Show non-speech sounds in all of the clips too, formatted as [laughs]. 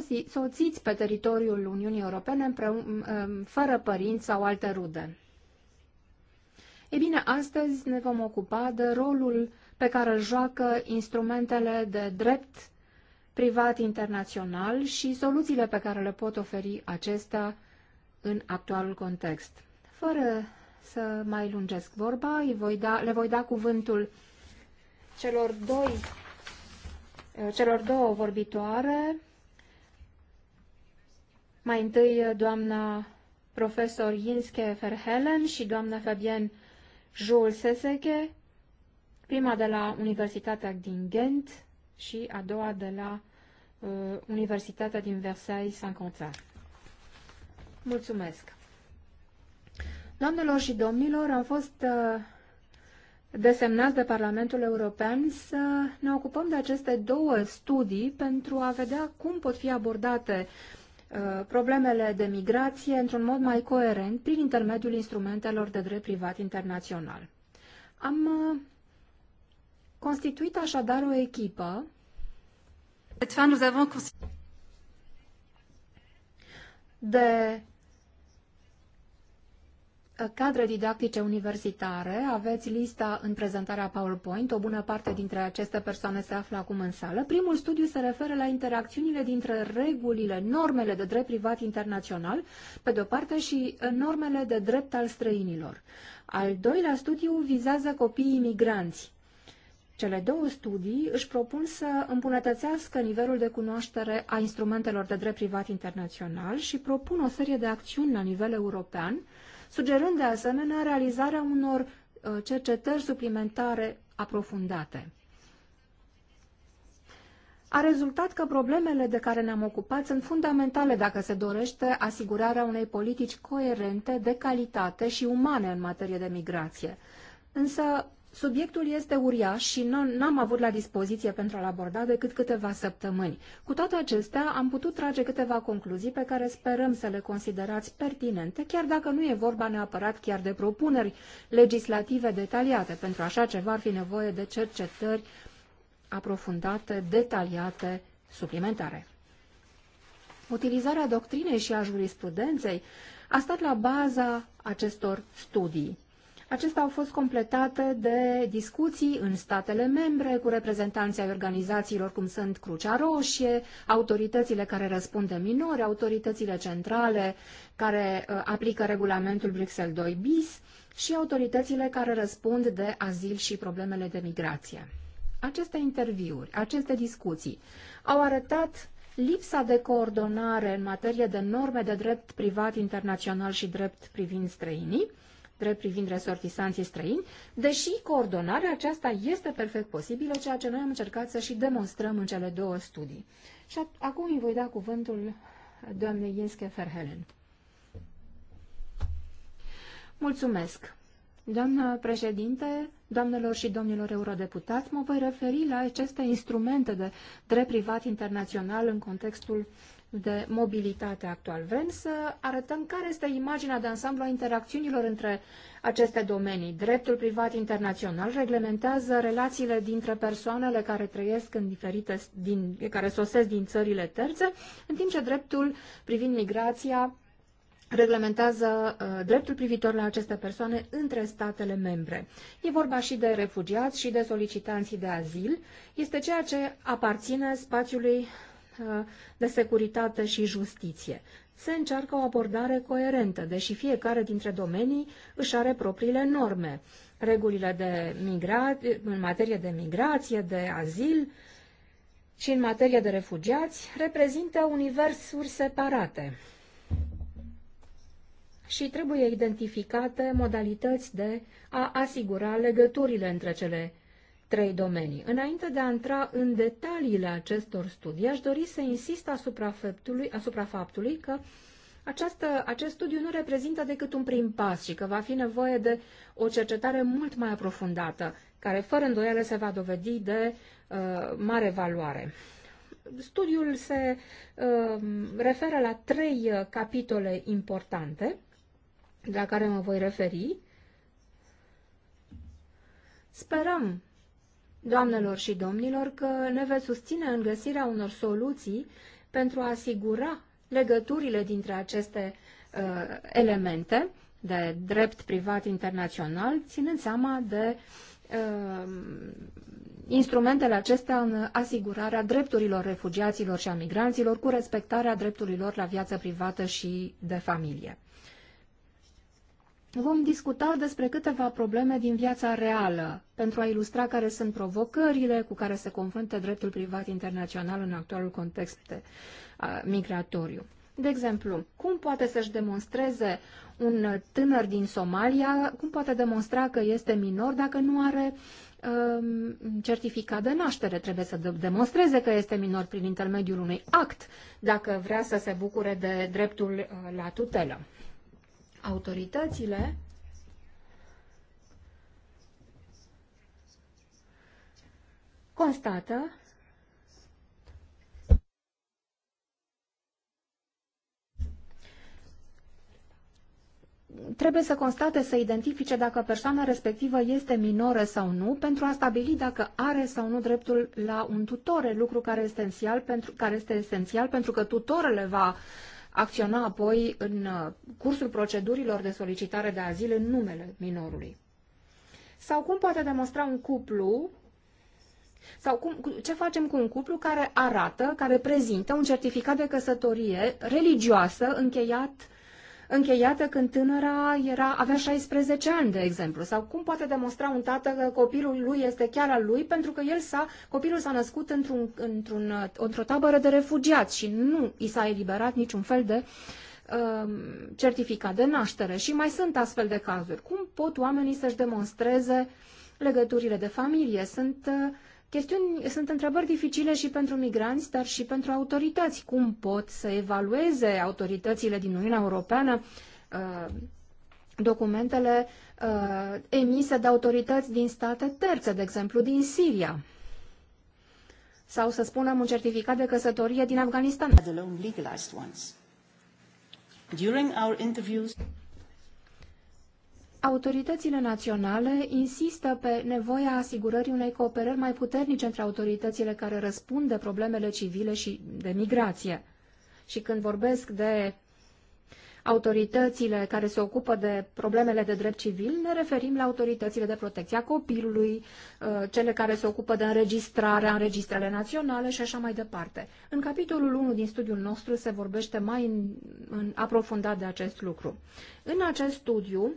soți, soțiți pe teritoriul Uniunii Europene fără părinți sau alte rude. Ei bine, astăzi ne vom ocupa de rolul pe care îl joacă instrumentele de drept privat internațional și soluțiile pe care le pot oferi acestea în actualul context. Fără să mai lungesc vorba, îi voi da, le voi da cuvântul celor, doi, celor două vorbitoare, mai întâi uh, doamna profesor Jinske Verhelen și doamna Fabienne Jules Seseke, prima de la Universitatea din Ghent și a doua de la uh, Universitatea din Versailles-Saint-Quentin. Mulțumesc! Doamnelor și domnilor, am fost uh, desemnați de Parlamentul European să ne ocupăm de aceste două studii pentru a vedea cum pot fi abordate uh, Uh, problemele de migrație într-un mod mai coerent prin intermediul instrumentelor de drept privat internațional. Am uh, constituit așadar o echipă de Uh, cadre didactice universitare, aveți lista în prezentarea PowerPoint, o bună parte dintre aceste persoane se află acum în sală. Primul studiu se referă la interacțiunile dintre regulile, normele de drept privat internațional, pe de-o parte, și uh, normele de drept al străinilor. Al doilea studiu vizează copiii imigranți. Cele două studii își propun să îmbunătățească nivelul de cunoaștere a instrumentelor de drept privat internațional și propun o serie de acțiuni la nivel european, sugerând de asemenea realizarea unor uh, cercetări suplimentare aprofundate. A rezultat că problemele de care ne-am ocupat sunt fundamentale dacă se dorește asigurarea unei politici coerente, de calitate și umane în materie de migrație. Însă Subiectul este uriaș și n-am avut la dispoziție pentru a-l aborda decât câteva săptămâni. Cu toate acestea, am putut trage câteva concluzii pe care sperăm să le considerați pertinente, chiar dacă nu e vorba neapărat chiar de propuneri legislative detaliate. Pentru așa ceva ar fi nevoie de cercetări aprofundate, detaliate, suplimentare. Utilizarea doctrinei și a jurisprudenței a stat la baza acestor studii. Acestea au fost completate de discuții în statele membre cu reprezentanții ai organizațiilor cum sunt Crucea Roșie, autoritățile care răspund de minori, autoritățile centrale care uh, aplică regulamentul Bruxelles 2 bis și autoritățile care răspund de azil și problemele de migrație. Aceste interviuri, aceste discuții au arătat lipsa de coordonare în materie de norme de drept privat internațional și drept privind străinii, drept privind resortisanții străini, deși coordonarea aceasta este perfect posibilă, ceea ce noi am încercat să și demonstrăm în cele două studii. Și acum îi voi da cuvântul doamnei Ienske Ferhelen. Mulțumesc! Doamnă președinte, doamnelor și domnilor eurodeputați, mă voi referi la aceste instrumente de drept privat internațional în contextul de mobilitate actual. Vrem să arătăm care este imaginea de ansamblu a interacțiunilor între aceste domenii. Dreptul privat internațional reglementează relațiile dintre persoanele care trăiesc în diferite, din, care sosesc din țările terțe, în timp ce dreptul privind migrația reglementează uh, dreptul privitor la aceste persoane între statele membre. E vorba și de refugiați și de solicitanții de azil. Este ceea ce aparține spațiului Eh, de securitate și justiție. Se încearcă o abordare coerentă, deși fiecare dintre domenii își are propriile norme. Regulile de migra- în materie de migrație, de azil și în materie de refugiați reprezintă universuri separate și trebuie identificate modalități de a asigura legăturile între cele trei domenii. Înainte de a intra în detaliile acestor studii, aș dori să insist asupra faptului, asupra faptului că această, acest studiu nu reprezintă decât un prim pas și că va fi nevoie de o cercetare mult mai aprofundată, care fără îndoială se va dovedi de uh, mare valoare. Studiul se uh, referă la trei uh, capitole importante, la care mă voi referi. Sperăm doamnelor și domnilor, că ne veți susține în găsirea unor soluții pentru a asigura legăturile dintre aceste uh, elemente de drept privat internațional, ținând seama de uh, instrumentele acestea în asigurarea drepturilor refugiaților și a migranților cu respectarea drepturilor la viață privată și de familie vom discuta despre câteva probleme din viața reală, pentru a ilustra care sunt provocările cu care se confruntă dreptul privat internațional în actualul context migratoriu. De exemplu, cum poate să-și demonstreze un tânăr din Somalia, cum poate demonstra că este minor dacă nu are um, certificat de naștere? Trebuie să demonstreze că este minor prin intermediul unui act, dacă vrea să se bucure de dreptul uh, la tutelă autoritățile constată trebuie să constate, să identifice dacă persoana respectivă este minoră sau nu, pentru a stabili dacă are sau nu dreptul la un tutore, lucru care este esențial pentru, care este esențial pentru că tutorele va acționa apoi în uh, cursul procedurilor de solicitare de azil în numele minorului. Sau cum poate demonstra un cuplu sau cum, ce facem cu un cuplu care arată, care prezintă un certificat de căsătorie religioasă încheiat încheiată când tânăra era, avea 16 ani, de exemplu. Sau cum poate demonstra un tată că copilul lui este chiar al lui, pentru că el s-a, copilul s-a născut într-un, într-un, într-o tabără de refugiați și nu i s-a eliberat niciun fel de um, certificat de naștere și mai sunt astfel de cazuri. Cum pot oamenii să-și demonstreze legăturile de familie? Sunt uh, Chestiuni, sunt întrebări dificile și pentru migranți, dar și pentru autorități. Cum pot să evalueze autoritățile din Uniunea Europeană uh, documentele uh, emise de autorități din state terțe, de exemplu din Siria? Sau, să spunem, un certificat de căsătorie din Afganistan. Autoritățile naționale insistă pe nevoia asigurării unei cooperări mai puternice între autoritățile care răspund de problemele civile și de migrație. Și când vorbesc de autoritățile care se ocupă de problemele de drept civil, ne referim la autoritățile de protecție a copilului, uh, cele care se ocupă de înregistrarea în registrele naționale și așa mai departe. În capitolul 1 din studiul nostru se vorbește mai în, în aprofundat de acest lucru. În acest studiu,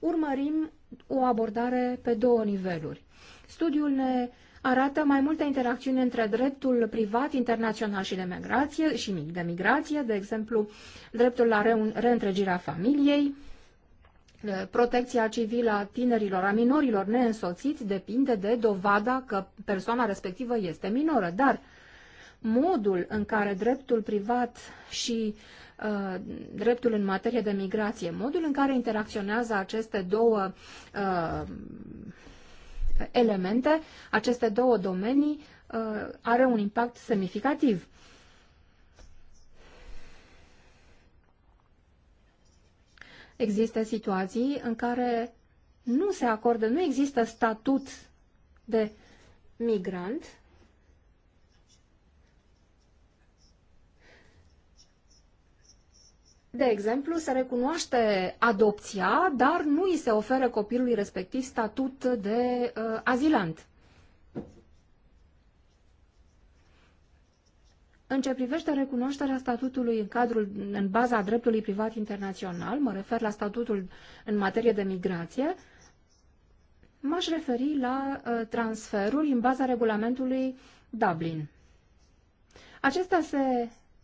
urmărim o abordare pe două niveluri. Studiul ne arată mai multă interacțiune între dreptul privat internațional și de migrație, și de migrație, de exemplu, dreptul la re- reîntregirea familiei, protecția civilă a tinerilor, a minorilor neînsoțiți depinde de dovada că persoana respectivă este minoră, dar modul în care dreptul privat și Uh, dreptul în materie de migrație, modul în care interacționează aceste două uh, elemente, aceste două domenii, uh, are un impact semnificativ. Există situații în care nu se acordă, nu există statut de migrant, de exemplu, se recunoaște adopția, dar nu îi se oferă copilului respectiv statut de uh, azilant. În ce privește recunoașterea statutului în cadrul, în baza dreptului privat internațional, mă refer la statutul în materie de migrație, m-aș referi la uh, transferul în baza regulamentului Dublin. Acesta se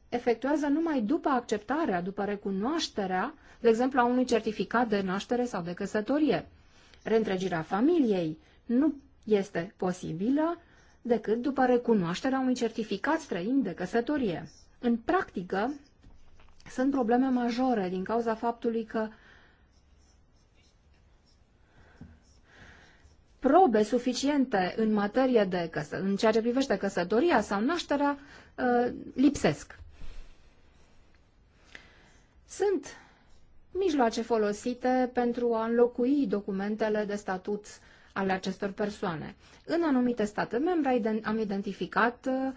efectuează numai după acceptarea, după recunoașterea, de exemplu, a unui certificat de naștere sau de căsătorie. Reîntregirea familiei nu este posibilă decât după recunoașterea unui certificat străin de căsătorie. În practică, sunt probleme majore din cauza faptului că probe suficiente în materie de căsă, în ceea ce privește căsătoria sau nașterea uh, lipsesc. Sunt mijloace folosite pentru a înlocui documentele de statut ale acestor persoane. În anumite state membre am identificat uh,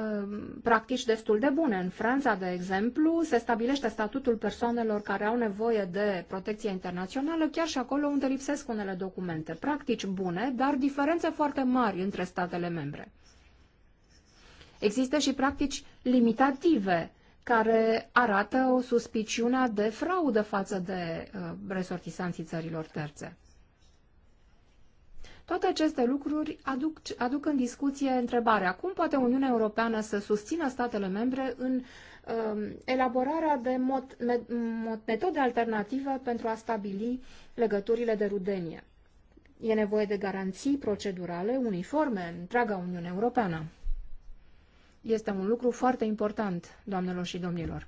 um, practici destul de bune. În Franța, de exemplu, se stabilește statutul persoanelor care au nevoie de protecție internațională, chiar și acolo unde lipsesc unele documente. Practici bune, dar diferențe foarte mari între statele membre. Există și practici limitative care arată o suspiciune de fraudă față de uh, resortisanții țărilor terțe. Toate aceste lucruri aduc, aduc în discuție întrebarea cum poate Uniunea Europeană să susțină statele membre în uh, elaborarea de mod, me, metode alternative pentru a stabili legăturile de rudenie. E nevoie de garanții procedurale uniforme în întreaga Uniune Europeană este un lucru foarte important, doamnelor și domnilor.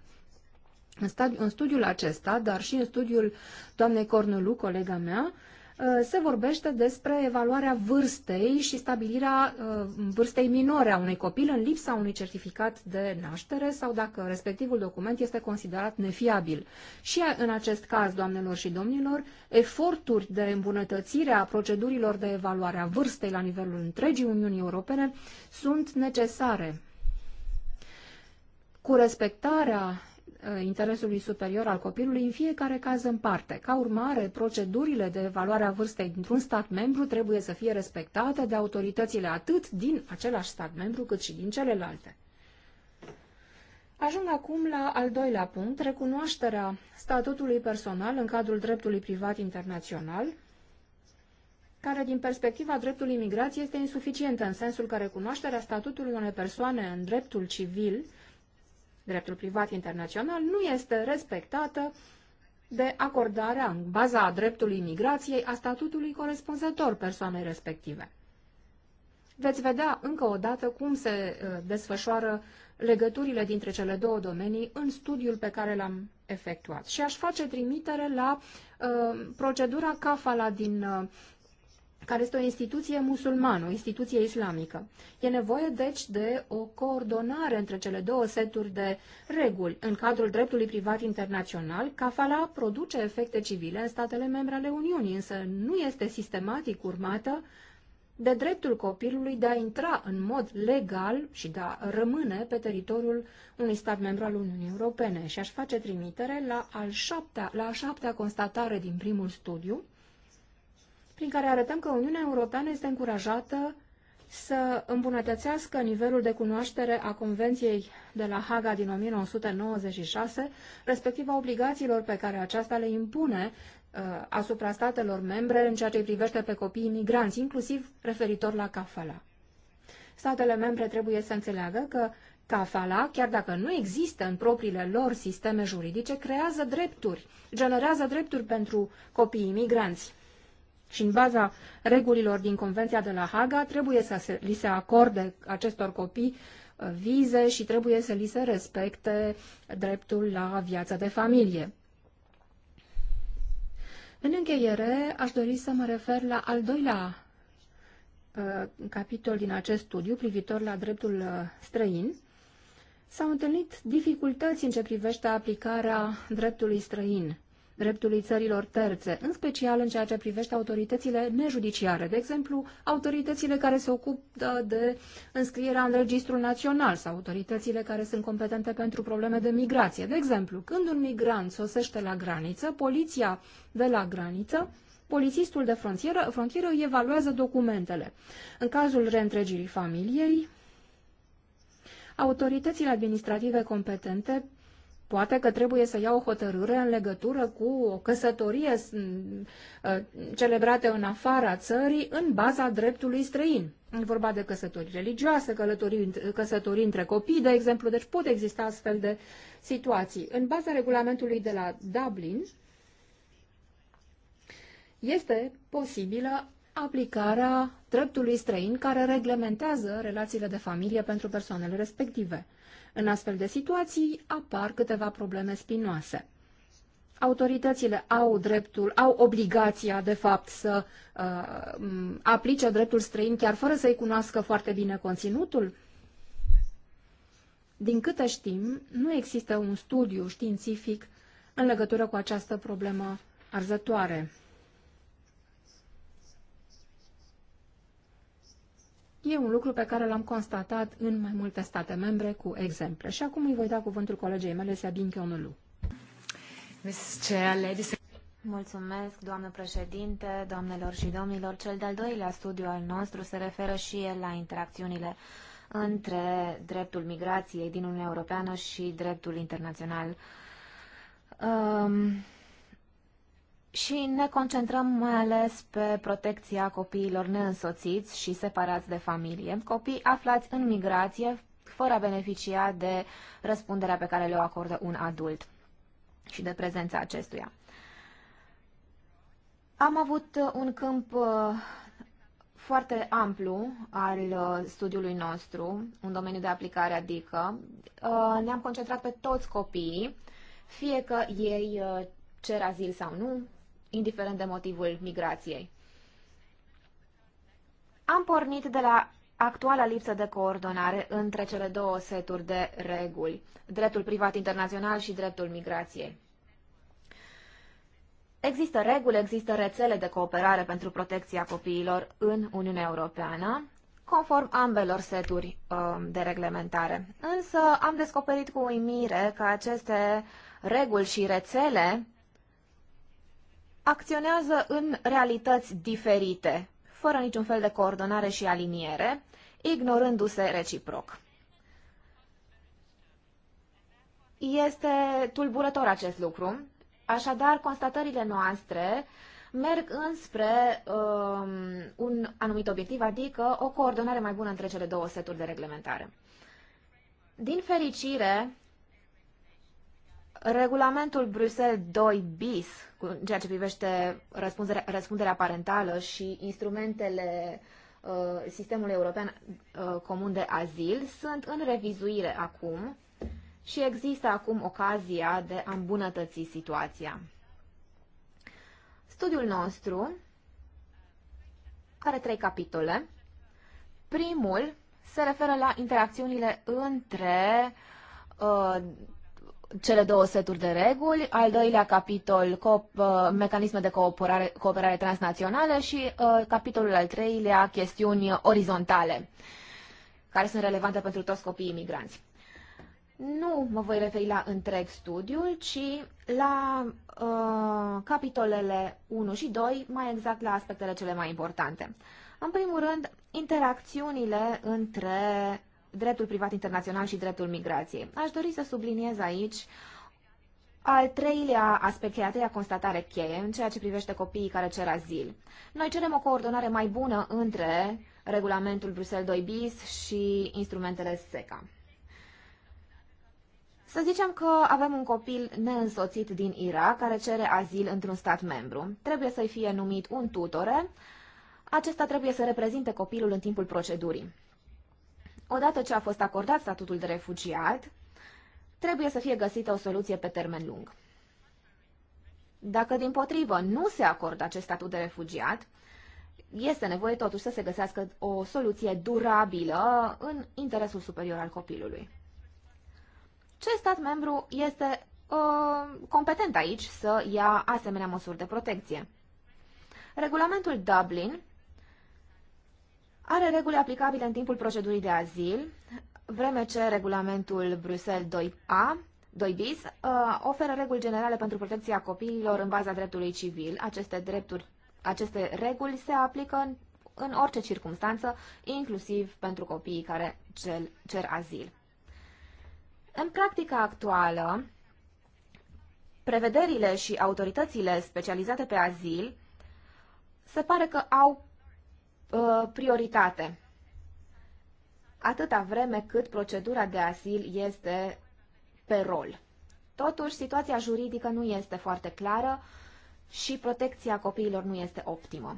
În, stadi- în studiul acesta, dar și în studiul doamnei Cornelu, colega mea, uh, se vorbește despre evaluarea vârstei și stabilirea uh, vârstei minore a unui copil în lipsa unui certificat de naștere sau dacă respectivul document este considerat nefiabil. Și în acest caz, doamnelor și domnilor, eforturi de îmbunătățire a procedurilor de evaluare a vârstei la nivelul întregii Uniunii Europene sunt necesare cu respectarea uh, interesului superior al copilului în fiecare caz în parte. Ca urmare, procedurile de evaluare a vârstei dintr-un stat membru trebuie să fie respectate de autoritățile atât din același stat membru cât și din celelalte. Ajung acum la al doilea punct, recunoașterea statutului personal în cadrul dreptului privat internațional, care din perspectiva dreptului migrației este insuficientă în sensul că recunoașterea statutului unei persoane în dreptul civil dreptul privat internațional nu este respectată de acordarea în baza dreptului imigrației a statutului corespunzător persoanei respective. Veți vedea încă o dată cum se uh, desfășoară legăturile dintre cele două domenii în studiul pe care l-am efectuat. Și aș face trimitere la uh, procedura CAFALA din uh, care este o instituție musulmană, o instituție islamică. E nevoie, deci, de o coordonare între cele două seturi de reguli în cadrul dreptului privat internațional. Cafala produce efecte civile în statele membre ale Uniunii, însă nu este sistematic urmată de dreptul copilului de a intra în mod legal și de a rămâne pe teritoriul unui stat membru al Uniunii Europene. Și aș face trimitere la, al șaptea, la a șaptea constatare din primul studiu, prin care arătăm că Uniunea Europeană este încurajată să îmbunătățească nivelul de cunoaștere a Convenției de la Haga din 1996, respectiv a obligațiilor pe care aceasta le impune uh, asupra statelor membre în ceea ce privește pe copiii migranți, inclusiv referitor la CAFALA. Statele membre trebuie să înțeleagă că CAFALA, chiar dacă nu există în propriile lor sisteme juridice, creează drepturi, generează drepturi pentru copiii migranți și în baza regulilor din Convenția de la Haga trebuie să se, li se acorde acestor copii uh, vize și trebuie să li se respecte dreptul la viața de familie. În încheiere, aș dori să mă refer la al doilea uh, capitol din acest studiu privitor la dreptul uh, străin. S-au întâlnit dificultăți în ce privește aplicarea dreptului străin dreptului țărilor terțe, în special în ceea ce privește autoritățile nejudiciare, de exemplu, autoritățile care se ocupă de înscrierea în Registrul Național sau autoritățile care sunt competente pentru probleme de migrație. De exemplu, când un migrant sosește la graniță, poliția de la graniță polițistul de frontieră, frontieră îi evaluează documentele. În cazul reîntregirii familiei, autoritățile administrative competente Poate că trebuie să ia o hotărâre în legătură cu o căsătorie mm, ă, celebrată în afara țării în baza dreptului străin. E vorba de căsătorii religioase, călătorii, căsătorii între copii, de exemplu, deci pot exista astfel de situații. În baza regulamentului de la Dublin este posibilă aplicarea dreptului străin care reglementează relațiile de familie pentru persoanele respective. În astfel de situații apar câteva probleme spinoase. Autoritățile au dreptul, au obligația, de fapt, să uh, aplice dreptul străin chiar fără să-i cunoască foarte bine conținutul? Din câte știm, nu există un studiu științific în legătură cu această problemă arzătoare. E un lucru pe care l-am constatat în mai multe state membre cu exemple. Și acum îi voi da cuvântul colegei mele, Sabine Chionulu. Mulțumesc, doamnă președinte, doamnelor și domnilor. Cel de-al doilea studiu al nostru se referă și el la interacțiunile între dreptul migrației din Uniunea Europeană și dreptul internațional. Um, și ne concentrăm mai ales pe protecția copiilor neînsoțiți și separați de familie, copii aflați în migrație fără a beneficia de răspunderea pe care le-o acordă un adult și de prezența acestuia. Am avut uh, un câmp uh, foarte amplu al uh, studiului nostru, un domeniu de aplicare, adică ne-am concentrat pe toți copiii, fie că ei cer azil sau nu, indiferent de motivul migrației. Am pornit de la actuala lipsă de coordonare între cele două seturi de reguli, dreptul privat internațional și dreptul migrației. Există reguli, există rețele de cooperare pentru protecția copiilor în Uniunea Europeană, conform ambelor seturi um, de reglementare. Însă am descoperit cu uimire că aceste reguli și rețele acționează în realități diferite, fără niciun fel de coordonare și aliniere, ignorându-se reciproc. Este tulburător acest lucru, așadar constatările noastre merg înspre um, un anumit obiectiv, adică o coordonare mai bună între cele două seturi de reglementare. Din fericire, Regulamentul Bruxelles 2 bis, în ceea ce privește răspunderea, răspunderea parentală și instrumentele uh, sistemului european uh, comun de azil, sunt în revizuire acum și există acum ocazia de a îmbunătăți situația. Studiul nostru are trei capitole. Primul se referă la interacțiunile între uh, cele două seturi de reguli, al doilea capitol co- uh, mecanisme de cooperare, cooperare transnațională și uh, capitolul al treilea chestiuni orizontale, care sunt relevante pentru toți copiii imigranți. Nu mă voi referi la întreg studiul, ci la uh, capitolele 1 și 2, mai exact la aspectele cele mai importante. În primul rând, interacțiunile între dreptul privat internațional și dreptul migrației. Aș dori să subliniez aici al treilea aspect, a treia constatare cheie în ceea ce privește copiii care cer azil. Noi cerem o coordonare mai bună între regulamentul Bruxelles 2 bis și instrumentele SECA. Să zicem că avem un copil neînsoțit din Irak care cere azil într-un stat membru. Trebuie să-i fie numit un tutore. Acesta trebuie să reprezinte copilul în timpul procedurii odată ce a fost acordat statutul de refugiat, trebuie să fie găsită o soluție pe termen lung. Dacă, din potrivă, nu se acordă acest statut de refugiat, este nevoie totuși să se găsească o soluție durabilă în interesul superior al copilului. Ce stat membru este uh, competent aici să ia asemenea măsuri de protecție? Regulamentul Dublin are reguli aplicabile în timpul procedurii de azil, vreme ce regulamentul Bruxelles 2A 2 bis uh, oferă reguli generale pentru protecția copiilor în baza dreptului civil. Aceste drepturi, aceste reguli se aplică în, în orice circunstanță, inclusiv pentru copiii care cel, cer azil. În practica actuală, prevederile și autoritățile specializate pe azil se pare că au uh, prioritate. Atâta vreme cât procedura de asil este pe rol. Totuși, situația juridică nu este foarte clară și protecția copiilor nu este optimă.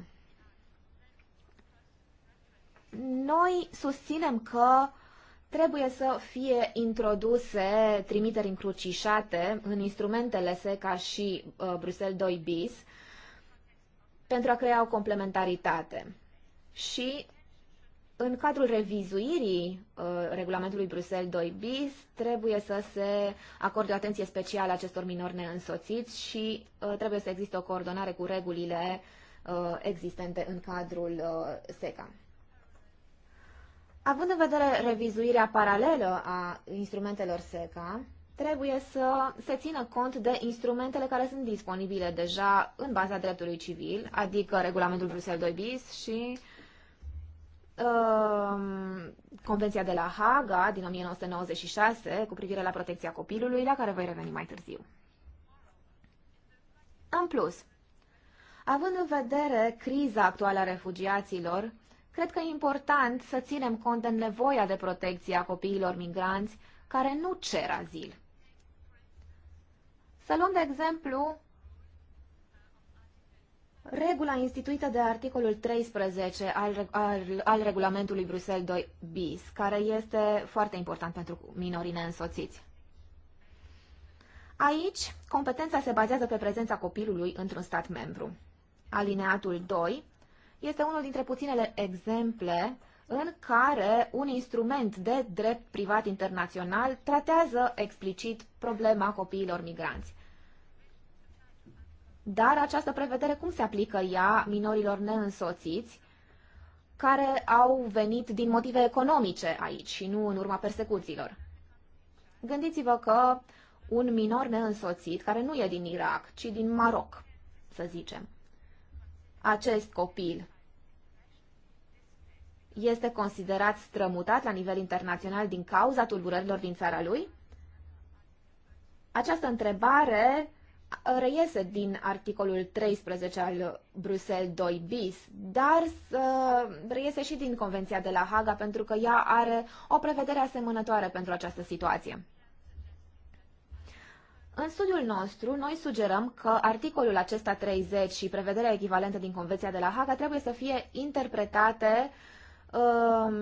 Noi susținem că trebuie să fie introduse trimiteri încrucișate în instrumentele SECA și uh, Bruxelles 2 bis pentru a crea o complementaritate și în cadrul revizuirii uh, regulamentului Bruxelles 2 bis trebuie să se acorde o atenție specială acestor minori neînsoțiți și uh, trebuie să existe o coordonare cu regulile uh, existente în cadrul uh, SECA. Având în vedere revizuirea paralelă a instrumentelor SECA, trebuie să se țină cont de instrumentele care sunt disponibile deja în baza dreptului civil, adică regulamentul Bruxelles 2 bis și uh, Ehm, Convenția de la Haga din 1996 cu privire la protecția copilului, la care voi reveni mai târziu. În plus, având în vedere criza actuală a refugiaților, cred că e important să ținem cont de nevoia de protecție a copiilor migranți care nu cer azil. Să luăm de exemplu regula instituită de articolul 13 al, al, al regulamentului Bruxelles 2 bis, care este foarte important pentru minorii neînsoțiți. Aici, competența se bazează pe prezența copilului într-un stat membru. Alineatul 2 este unul dintre puținele exemple în care un instrument de drept privat internațional tratează explicit problema copiilor migranți. Dar această prevedere cum se aplică ea minorilor neînsoțiți care au venit din motive economice aici și nu în urma persecuțiilor? Gândiți-vă că un minor neînsoțit, care nu e din Irak, ci din Maroc, să zicem, acest copil este considerat strămutat la nivel internațional din cauza tulburărilor din țara lui? Această întrebare reiese din articolul 13 al Bruxelles 2 bis, dar reiese și din Convenția de la Haga, pentru că ea are o prevedere asemănătoare pentru această situație. În studiul nostru, noi sugerăm că articolul acesta 30 și prevederea echivalentă din Convenția de la Haga trebuie să fie interpretate um,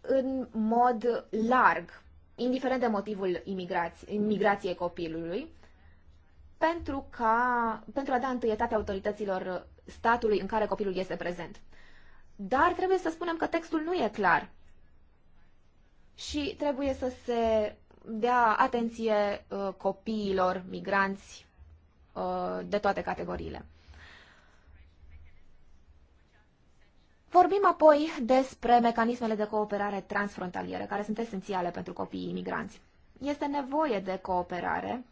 în mod larg, indiferent de motivul imigrației copilului, pentru, ca, pentru a da întâietate autorităților statului în care copilul este prezent. Dar trebuie să spunem că textul nu e clar și trebuie să se dea atenție uh, copiilor, migranți uh, de toate categoriile. Vorbim apoi despre mecanismele de cooperare transfrontaliere, care sunt esențiale pentru copiii imigranți. Este nevoie de cooperare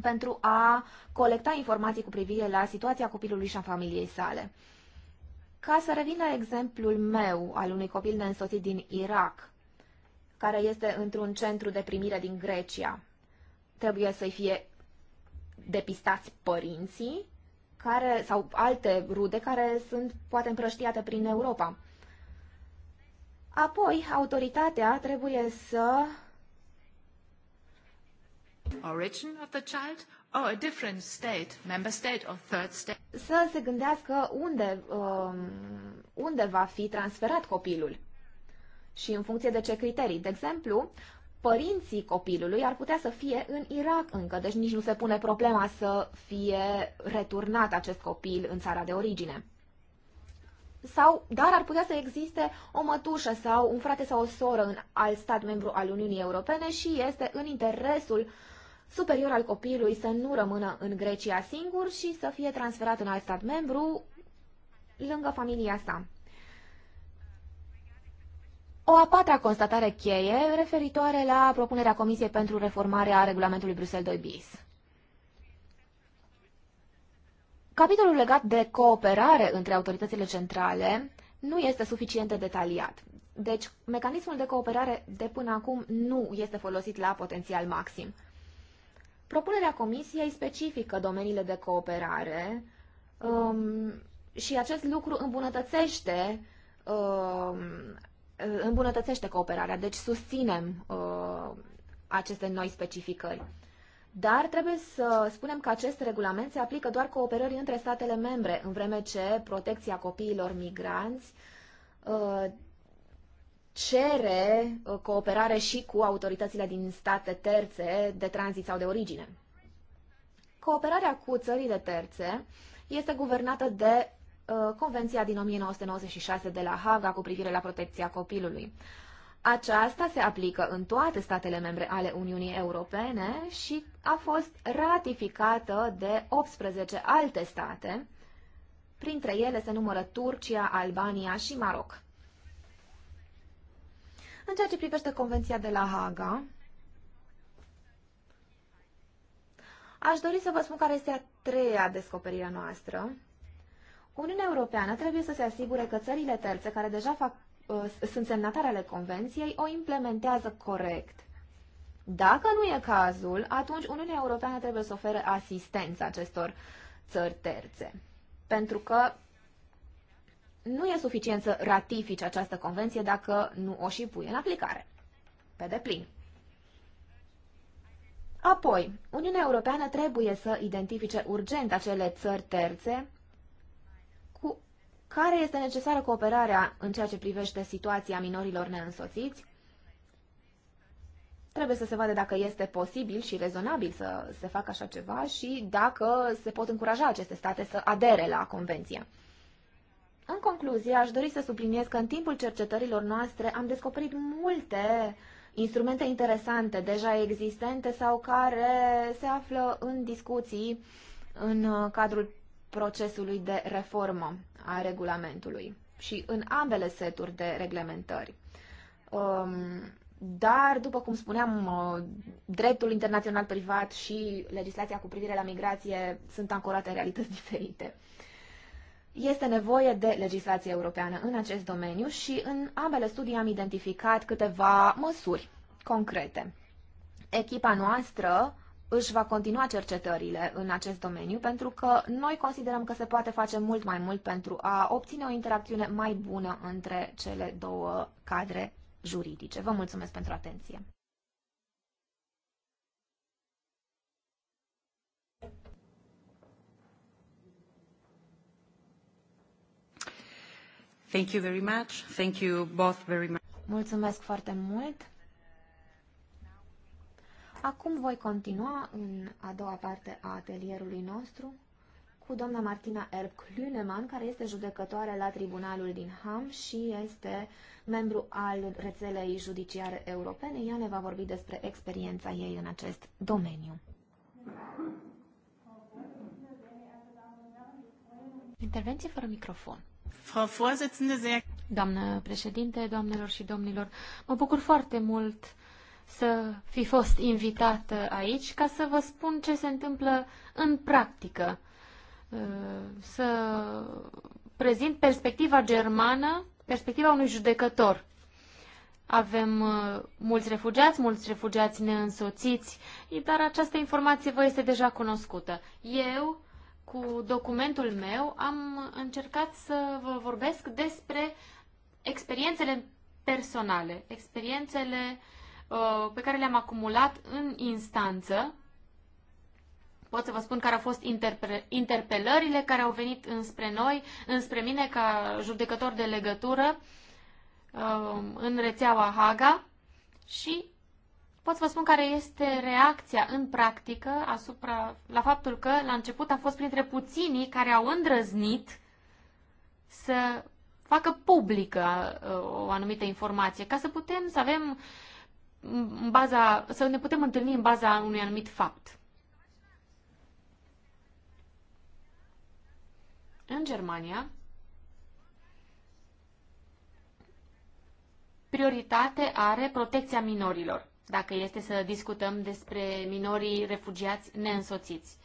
pentru a colecta informații cu privire la situația copilului și a familiei sale. Ca să revin la exemplul meu al unui copil neînsoțit din Irak, care este într-un centru de primire din Grecia, trebuie să-i fie depistați părinții care, sau alte rude care sunt poate împrăștiate prin Europa. Apoi, autoritatea trebuie să origin of the child or a different state, member state or third state. Să se gândească unde, uh, unde va fi transferat copilul și în funcție de ce criterii. De exemplu, părinții copilului ar putea să fie în Irak încă, deci nici nu se pune problema să fie returnat acest copil în țara de origine. Sau, dar ar putea să existe o mătușă sau un frate sau o soră în alt stat membru al Uniunii Europene și este în interesul uh, superior al copilului să nu rămână în Grecia singur și să fie transferat în alt stat membru lângă familia sa. O a patra constatare cheie referitoare la propunerea Comisiei pentru reformarea regulamentului Bruxelles 2 bis. Capitolul legat de cooperare între autoritățile centrale nu este suficient de detaliat. Deci, mecanismul de cooperare de până acum nu este folosit la potențial maxim. Propunerea Comisiei specifică domeniile de cooperare um, și acest lucru îmbunătățește, um, îmbunătățește cooperarea, deci susținem uh, aceste noi specificări. Dar trebuie să spunem că acest regulament se aplică doar cooperării între statele membre, în vreme ce protecția copiilor migranți uh, cere uh, cooperare și cu autoritățile din state terțe de tranzit sau de origine. Cooperarea cu țările terțe este guvernată de uh, Convenția din 1996 de la Haga cu privire la protecția copilului. Aceasta se aplică în toate statele membre ale Uniunii Europene și a fost ratificată de 18 alte state, printre ele se numără Turcia, Albania și Maroc. În ceea ce privește Convenția de la Haga, aș dori să vă spun care este a treia descoperire noastră. Uniunea Europeană trebuie să se asigure că țările terțe care deja fac, uh, sunt semnatare ale Convenției o implementează corect. Dacă nu e cazul, atunci Uniunea Europeană trebuie să ofere asistență acestor țări terțe. Pentru că nu e suficient să ratifici această convenție dacă nu o și pui în aplicare. Pe deplin. Apoi, Uniunea Europeană trebuie să identifice urgent acele țări terțe cu care este necesară cooperarea în ceea ce privește situația minorilor neînsoțiți. Trebuie să se vadă dacă este posibil și rezonabil să se facă așa ceva și dacă se pot încuraja aceste state să adere la convenție. În concluzie, aș dori să subliniez că în timpul cercetărilor noastre am descoperit multe instrumente interesante deja existente sau care se află în discuții în uh, cadrul procesului de reformă a regulamentului și în ambele seturi de reglementări. Um, dar, după cum spuneam, uh, dreptul internațional privat și legislația cu privire la migrație sunt ancorate în realități [laughs] diferite. Este nevoie de legislație europeană în acest domeniu și în ambele studii am identificat câteva măsuri concrete. Echipa noastră își va continua cercetările în acest domeniu pentru că noi considerăm că se poate face mult mai mult pentru a obține o interacțiune mai bună între cele două cadre juridice. Vă mulțumesc pentru atenție! Thank you very much. Thank you both very much. Mulțumesc foarte mult. Acum voi continua în a doua parte a atelierului nostru cu doamna Martina Erb lüneman care este judecătoare la Tribunalul din Ham și este membru al rețelei judiciare europene. Ea ne va vorbi despre experiența ei în acest domeniu. Intervenție fără microfon. Doamnă președinte, doamnelor și domnilor, mă bucur foarte mult să fi fost invitată aici ca să vă spun ce se întâmplă în practică. Să prezint perspectiva germană, perspectiva unui judecător. Avem uh, mulți refugiați, mulți refugiați neînsoțiți, dar această informație vă este deja cunoscută. Eu cu documentul meu am încercat să vă vorbesc despre experiențele personale, experiențele uh, pe care le-am acumulat în instanță. Pot să vă spun care au fost interpe- interpelările care au venit înspre noi, înspre mine ca judecător de legătură uh, în rețeaua Haga și pot să vă spun care este reacția în practică asupra, la faptul că la început am fost printre puținii care au îndrăznit să facă publică uh, o anumită informație, ca să putem să avem în baza, să ne putem întâlni în baza unui anumit fapt. În Germania, prioritate are protecția minorilor dacă este să discutăm despre minorii refugiați neînsoțiți.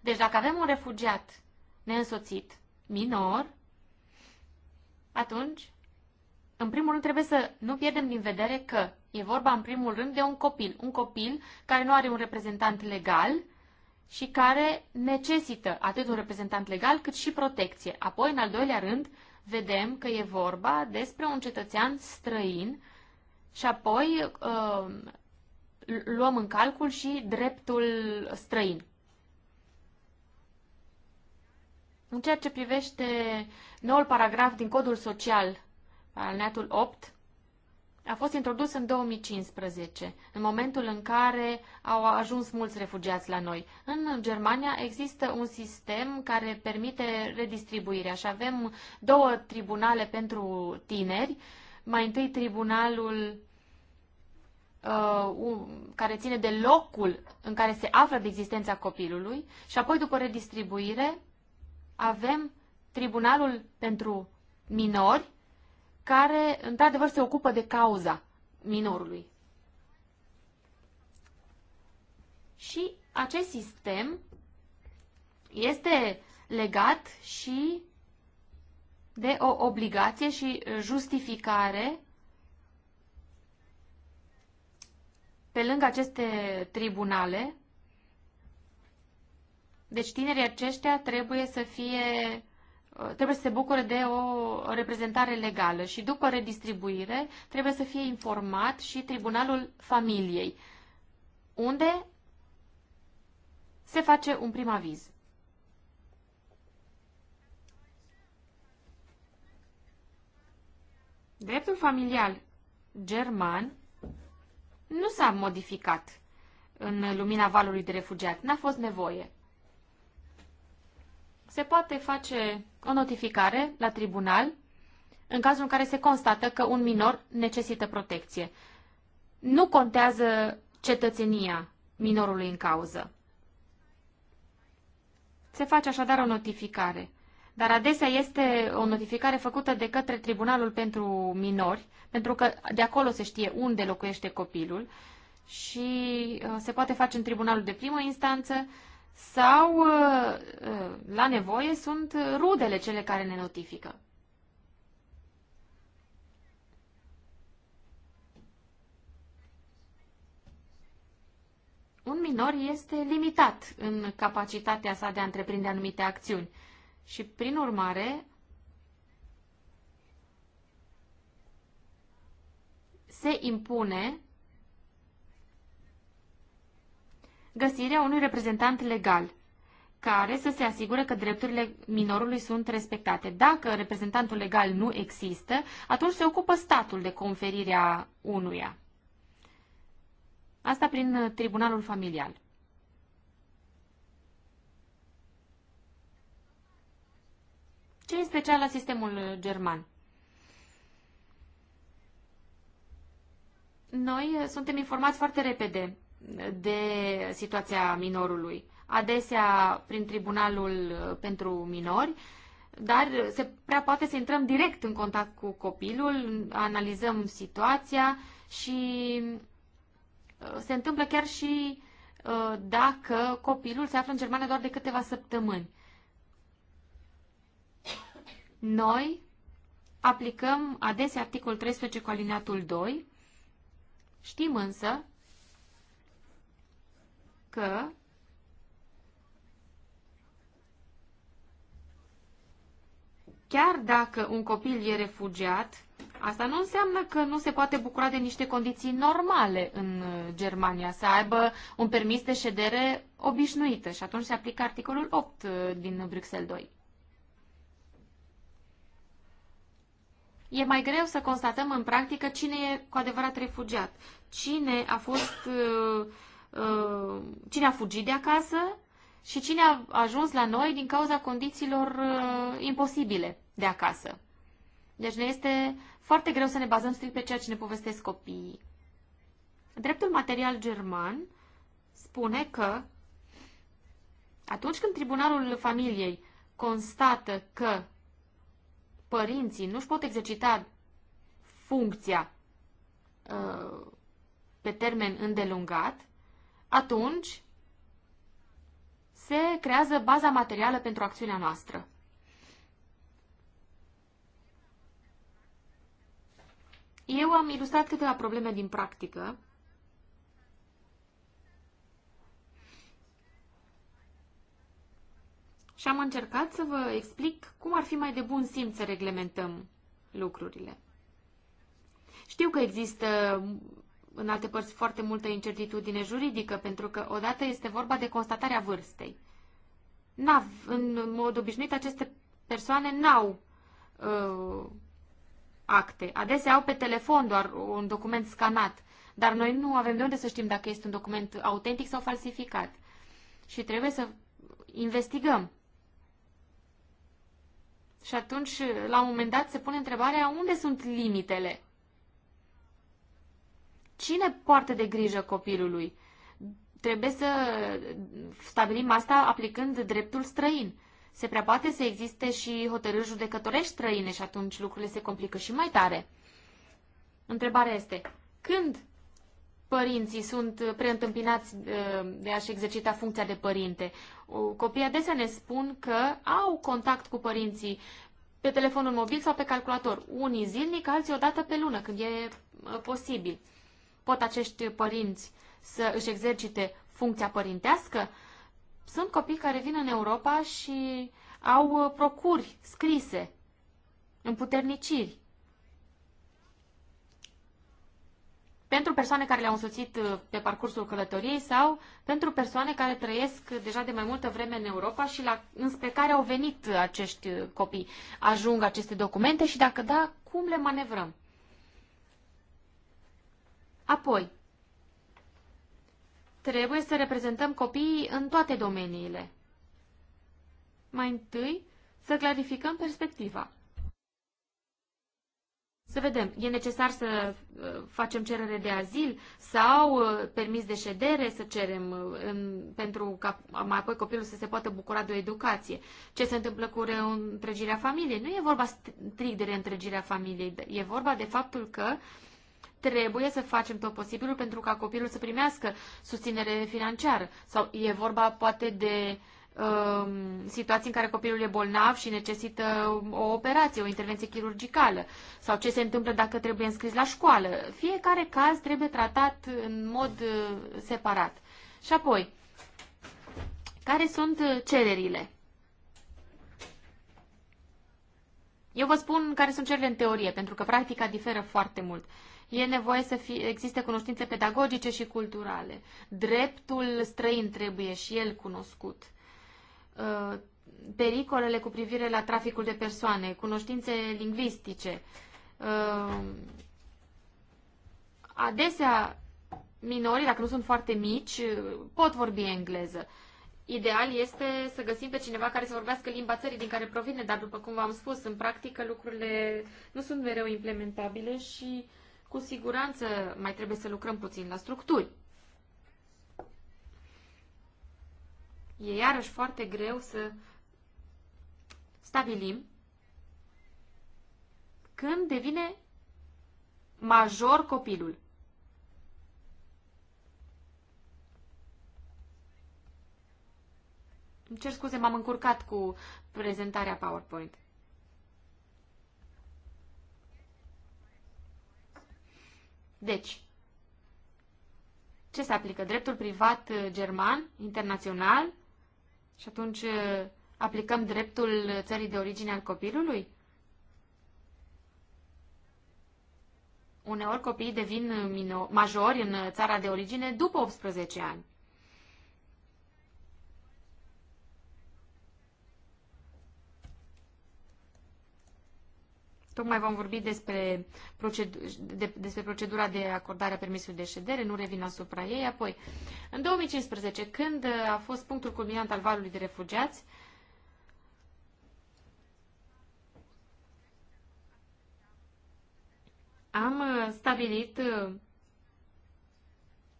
Deci dacă avem un refugiat neînsoțit, minor, atunci, în primul rând, trebuie să nu pierdem din vedere că e vorba, în primul rând, de un copil. Un copil care nu are un reprezentant legal și care necesită atât un reprezentant legal cât și protecție. Apoi, în al doilea rând, vedem că e vorba despre un cetățean străin și apoi uh, luăm în calcul și dreptul străin. În ceea ce privește noul paragraf din codul social, al netul 8, a fost introdus în 2015, în momentul în care au ajuns mulți refugiați la noi. În Germania există un sistem care permite redistribuirea și avem două tribunale pentru tineri. Mai întâi tribunalul Uh, care ține de locul în care se află de existența copilului și apoi după redistribuire avem Tribunalul pentru Minori care într-adevăr se ocupă de cauza minorului. Și acest sistem este legat și de o obligație și justificare Pe lângă aceste tribunale, deci tinerii aceștia trebuie să fie uh, trebuie să se bucure de o reprezentare legală și după redistribuire trebuie să fie informat și Tribunalul Familiei, unde se face un prim aviz. Dreptul familial german nu s-a modificat în lumina valului de refugiat, N-a fost nevoie. Se poate face o notificare la tribunal în cazul în care se constată că un minor necesită protecție. Nu contează cetățenia minorului în cauză. Se face așadar o notificare, dar adesea este o notificare făcută de către Tribunalul pentru Minori, pentru că de acolo se știe unde locuiește copilul și uh, se poate face în tribunalul de primă instanță sau, uh, uh, la nevoie, sunt rudele cele care ne notifică. un minor este limitat în capacitatea sa de a întreprinde anumite acțiuni și, prin urmare, se impune găsirea unui reprezentant legal care să se asigure că drepturile minorului sunt respectate. Dacă reprezentantul legal nu există, atunci se ocupă statul de conferirea unuia. Asta prin uh, tribunalul familial. Ce este special la sistemul uh, german? Noi eh, suntem informați foarte repede eh, de situația minorului, adesea prin Tribunalul eh, pentru Minori, dar se prea poate să intrăm direct în contact cu copilul, analizăm situația și se întâmplă chiar și dacă copilul se află în Germania doar de câteva săptămâni. Noi aplicăm adesea articolul 13 cu alineatul 2 Știm însă că chiar dacă un copil e refugiat, asta nu înseamnă că nu se poate bucura de niște condiții normale în uh, Germania, să aibă un permis de ședere obișnuită și atunci se aplică articolul 8 uh, din Bruxelles 2. e mai greu să constatăm în practică cine e cu adevărat refugiat, cine a fost, uh, uh, cine a fugit de acasă și cine a ajuns la noi din cauza condițiilor uh, imposibile de acasă. Deci ne este foarte greu să ne bazăm strict pe ceea ce ne povestesc copiii. Dreptul material german spune că atunci când tribunalul familiei constată că părinții nu-și pot exercita funcția uh, pe termen îndelungat, atunci se creează baza materială pentru acțiunea noastră. Eu am ilustrat câteva probleme din practică și am încercat să vă explic cum ar fi mai de bun simț să reglementăm lucrurile. Știu că există în alte părți foarte multă incertitudine juridică, pentru că odată este vorba de constatarea vârstei. N-av, în mod obișnuit, aceste persoane n-au uh, acte. Adesea au pe telefon doar un document scanat, dar noi nu avem de unde să știm dacă este un document autentic sau falsificat. Și trebuie să investigăm. Și atunci, la un moment dat, se pune întrebarea unde sunt limitele. Cine poartă de grijă copilului? Trebuie să stabilim asta aplicând dreptul străin. Se prea poate să existe și hotărâri judecătorești străine și atunci lucrurile se complică și mai tare. Întrebarea este, când părinții sunt preîntâmpinați uh, de a-și exercita funcția de părinte. Copiii adesea ne spun că au contact cu părinții pe telefonul mobil sau pe calculator, unii zilnic, alții o dată pe lună, când e uh, posibil. Pot acești părinți să își exercite funcția părintească? Sunt copii care vin în Europa și au uh, procuri scrise, împuterniciri. pentru persoane care le-au însoțit uh, pe parcursul călătoriei sau pentru persoane care trăiesc deja de mai multă vreme în Europa și la, înspre care au venit acești uh, copii. Ajung aceste documente și dacă da, cum le manevrăm? Apoi, trebuie să reprezentăm copiii în toate domeniile. Mai întâi, să clarificăm perspectiva. Să vedem, e necesar să uh, facem cerere de azil sau uh, permis de ședere să cerem uh, în, pentru ca mai apoi copilul să se poată bucura de o educație. Ce se întâmplă cu reîntregirea familiei? Nu e vorba strict de reîntregirea familiei, e vorba de faptul că trebuie să facem tot posibilul pentru ca copilul să primească susținere financiară. Sau e vorba poate de uh, Um, situații în care copilul e bolnav și necesită o operație, o intervenție chirurgicală sau ce se întâmplă dacă trebuie înscris la școală. Fiecare caz trebuie tratat în mod uh, separat. Și apoi, care sunt uh, cererile? Eu vă spun care sunt cererile în teorie, pentru că practica diferă foarte mult. E nevoie să fie, existe cunoștințe pedagogice și culturale. Dreptul străin trebuie și el cunoscut Uh, pericolele cu privire la traficul de persoane, cunoștințe lingvistice. Uh, adesea, minorii, dacă nu sunt foarte mici, pot vorbi engleză. Ideal este să găsim pe cineva care să vorbească limba țării din care provine, dar după cum v-am spus, în practică lucrurile nu sunt mereu implementabile și cu siguranță mai trebuie să lucrăm puțin la structuri. e iarăși foarte greu să stabilim când devine major copilul. Îmi cer scuze, m-am încurcat cu prezentarea PowerPoint. Deci, ce se aplică? Dreptul privat eh, german, internațional, și atunci eh, aplicăm dreptul țării de origine al copilului? Uneori copiii devin majori în țara de origine după 18 ani. Tocmai vom vorbi despre, procedu- de, despre procedura de acordare a permisului de ședere, nu revin asupra ei. Apoi, în 2015, când a fost punctul culminant al valului de refugiați, am uh, stabilit uh,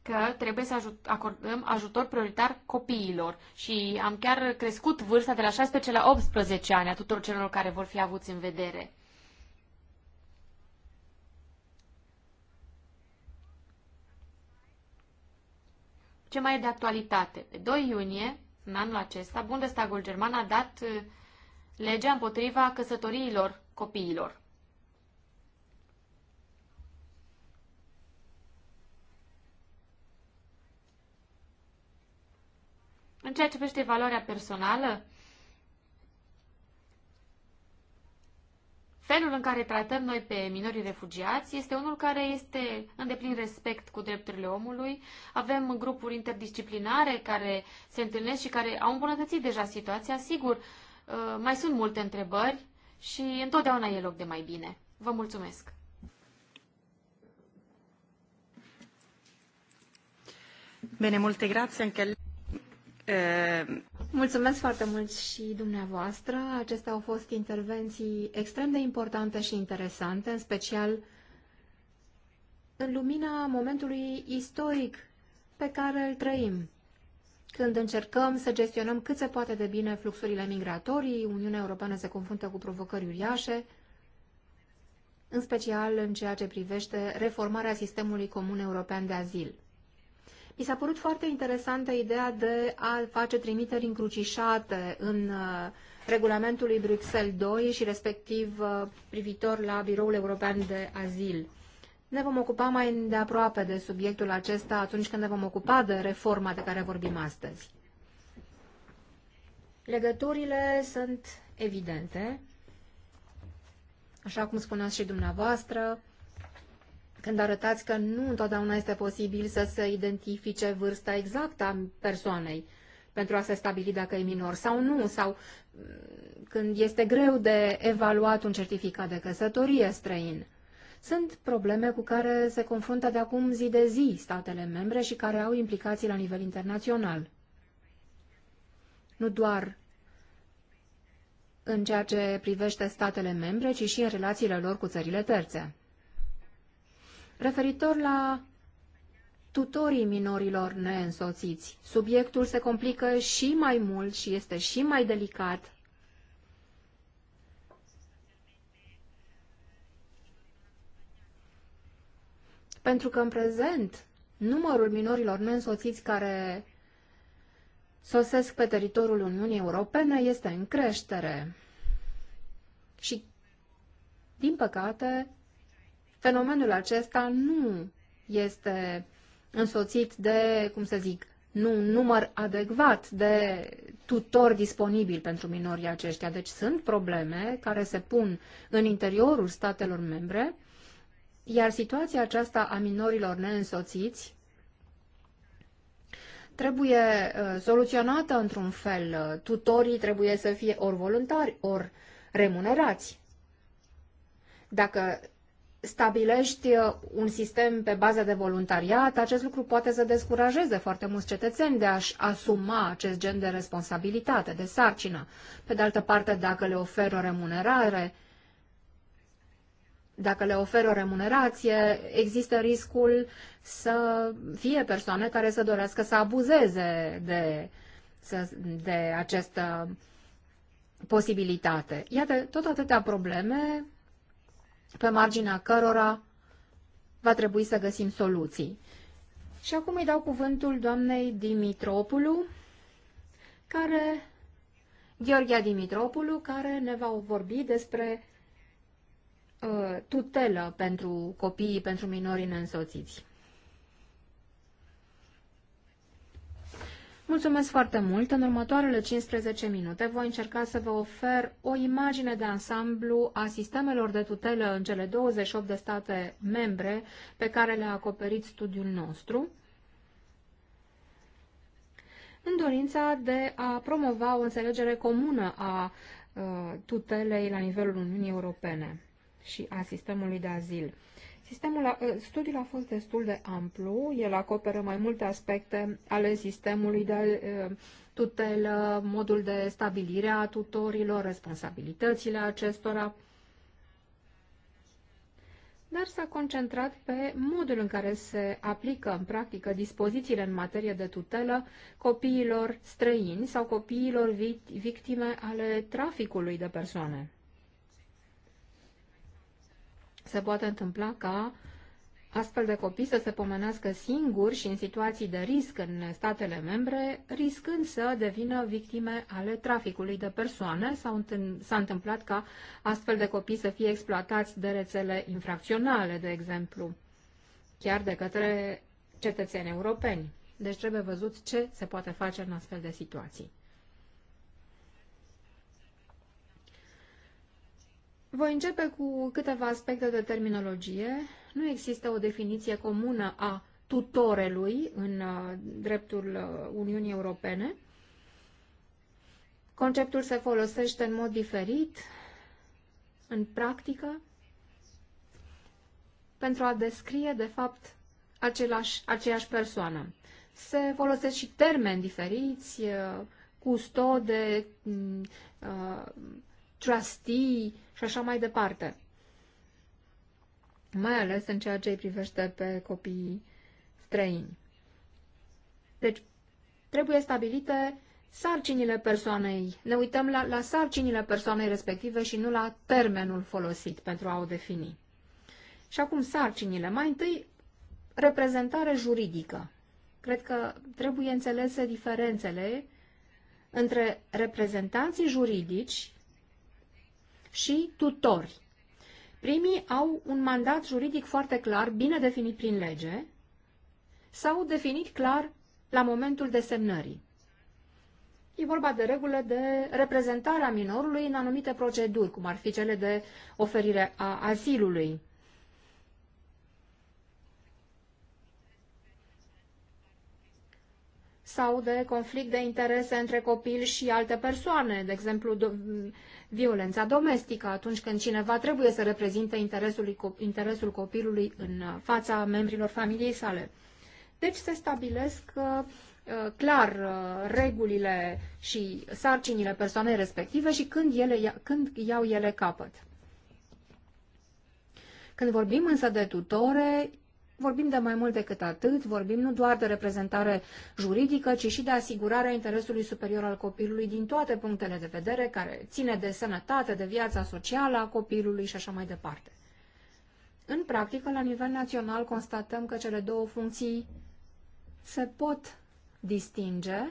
că trebuie să ajut, acordăm ajutor prioritar copiilor și am chiar crescut vârsta de la 16 la 18 ani a tuturor celor care vor fi avuți în vedere. Ce mai e de actualitate? Pe 2 iunie, în anul acesta, Bundestagul German a dat uh, legea împotriva căsătoriilor copiilor. În ceea ce privește valoarea personală, felul în care tratăm noi pe minorii refugiați este unul care este în deplin respect cu drepturile omului. Avem grupuri interdisciplinare care se întâlnesc și care au îmbunătățit deja situația. Sigur, uh, mai sunt multe întrebări și întotdeauna e loc de mai bine. Vă mulțumesc! Bine, multe grazie Încă... Uh... Eh, Mulțumesc foarte mult și dumneavoastră. Acestea au fost intervenții extrem de importante și interesante, în special în lumina momentului istoric pe care îl trăim. Când încercăm să gestionăm cât se poate de bine fluxurile migratorii, Uniunea Europeană se confruntă cu provocări uriașe, în special în ceea ce privește reformarea sistemului comun european de azil. Mi s-a părut foarte interesantă ideea de a face trimiteri încrucișate în uh, regulamentul lui Bruxelles II și respectiv uh, privitor la Biroul European de Azil. Ne vom ocupa mai aproape de subiectul acesta atunci când ne vom ocupa de reforma de care vorbim astăzi. Legăturile sunt evidente, așa cum spuneați și dumneavoastră, când arătați că nu întotdeauna este posibil să se identifice vârsta exactă a persoanei pentru a se stabili dacă e minor sau nu, sau mm, când este greu de evaluat un certificat de căsătorie străin. Sunt probleme cu care se confruntă de acum zi de zi statele membre și care au implicații la nivel internațional. Nu doar în ceea ce privește statele membre, ci și în relațiile lor cu țările terțe. Referitor la tutorii minorilor neînsoțiți, subiectul se complică și mai mult și este și mai delicat. Pentru că în prezent numărul minorilor neînsoțiți care sosesc pe teritoriul Uniunii Europene este în creștere. Și, din păcate, fenomenul acesta nu este însoțit de, cum să zic, nu un număr adecvat de tutori disponibili pentru minorii aceștia. Deci sunt probleme care se pun în interiorul statelor membre, iar situația aceasta a minorilor neînsoțiți trebuie uh, soluționată într-un fel. Tutorii trebuie să fie ori voluntari, ori remunerați. Dacă stabilești uh, un sistem pe bază de voluntariat, acest lucru poate să descurajeze foarte mulți cetățeni de a-și asuma acest gen de responsabilitate, de sarcină. Pe de altă parte, dacă le oferă o remunerare, dacă le oferă o remunerație, există riscul să fie persoane care să dorească să abuzeze de, să, de această posibilitate. Iată, tot atâtea probleme pe marginea cărora va trebui să găsim soluții. Și acum îi dau cuvântul doamnei Dimitropulu, care, Gheorghea Dimitropulu, care ne va vorbi despre uh, tutelă pentru copiii, pentru minorii neînsoțiți. Mulțumesc foarte mult! În următoarele 15 minute voi încerca să vă ofer o imagine de ansamblu a sistemelor de tutelă în cele 28 de state membre pe care le-a acoperit studiul nostru, în dorința de a promova o înțelegere comună a uh, tutelei la nivelul Uniunii Europene și a sistemului de azil. Sistemul a, eh, studiul a fost destul de amplu, el acoperă mai multe aspecte ale sistemului de eh, tutelă, modul de stabilire a tutorilor, responsabilitățile acestora, dar s-a concentrat pe modul în care se aplică în practică dispozițiile în materie de tutelă copiilor străini sau copiilor victime ale traficului de persoane se poate întâmpla ca astfel de copii să se pomenească singuri și în situații de risc în statele membre, riscând să devină victime ale traficului de persoane. S-a întâmplat ca astfel de copii să fie exploatați de rețele infracționale, de exemplu, chiar de către cetățeni europeni. Deci trebuie văzut ce se poate face în astfel de situații. Voi începe cu câteva aspecte de terminologie. Nu există o definiție comună a tutorelui în uh, dreptul uh, Uniunii Europene. Conceptul se folosește în mod diferit, în practică, pentru a descrie, de fapt, același, aceeași persoană. Se folosesc și termeni diferiți, uh, custode, mm, trustee și așa mai departe. Mai ales în ceea ce îi privește pe copiii străini. Deci, trebuie stabilite sarcinile persoanei. Ne uităm la, la sarcinile persoanei respective și nu la termenul folosit pentru a o defini. Și acum sarcinile. Mai întâi, reprezentare juridică. Cred că trebuie înțelese diferențele între reprezentanții juridici și tutori. Primii au un mandat juridic foarte clar, bine definit prin lege, sau definit clar la momentul desemnării. E vorba de regulă de reprezentarea minorului în anumite proceduri, cum ar fi cele de oferire a azilului sau de conflict de interese între copil și alte persoane, de exemplu do violența domestică, atunci când cineva trebuie să reprezinte interesul, interesul copilului în fața membrilor familiei sale. Deci se stabilesc uh, uh, clar uh, regulile și sarcinile persoanei respective și când, ele, când iau ele capăt. Când vorbim însă de tutore, Vorbim de mai mult decât atât, vorbim nu doar de reprezentare juridică, ci și de asigurarea interesului superior al copilului din toate punctele de vedere, care ține de sănătate, de viața socială a copilului și așa mai departe. În practică, la nivel național, constatăm că cele două funcții se pot distinge,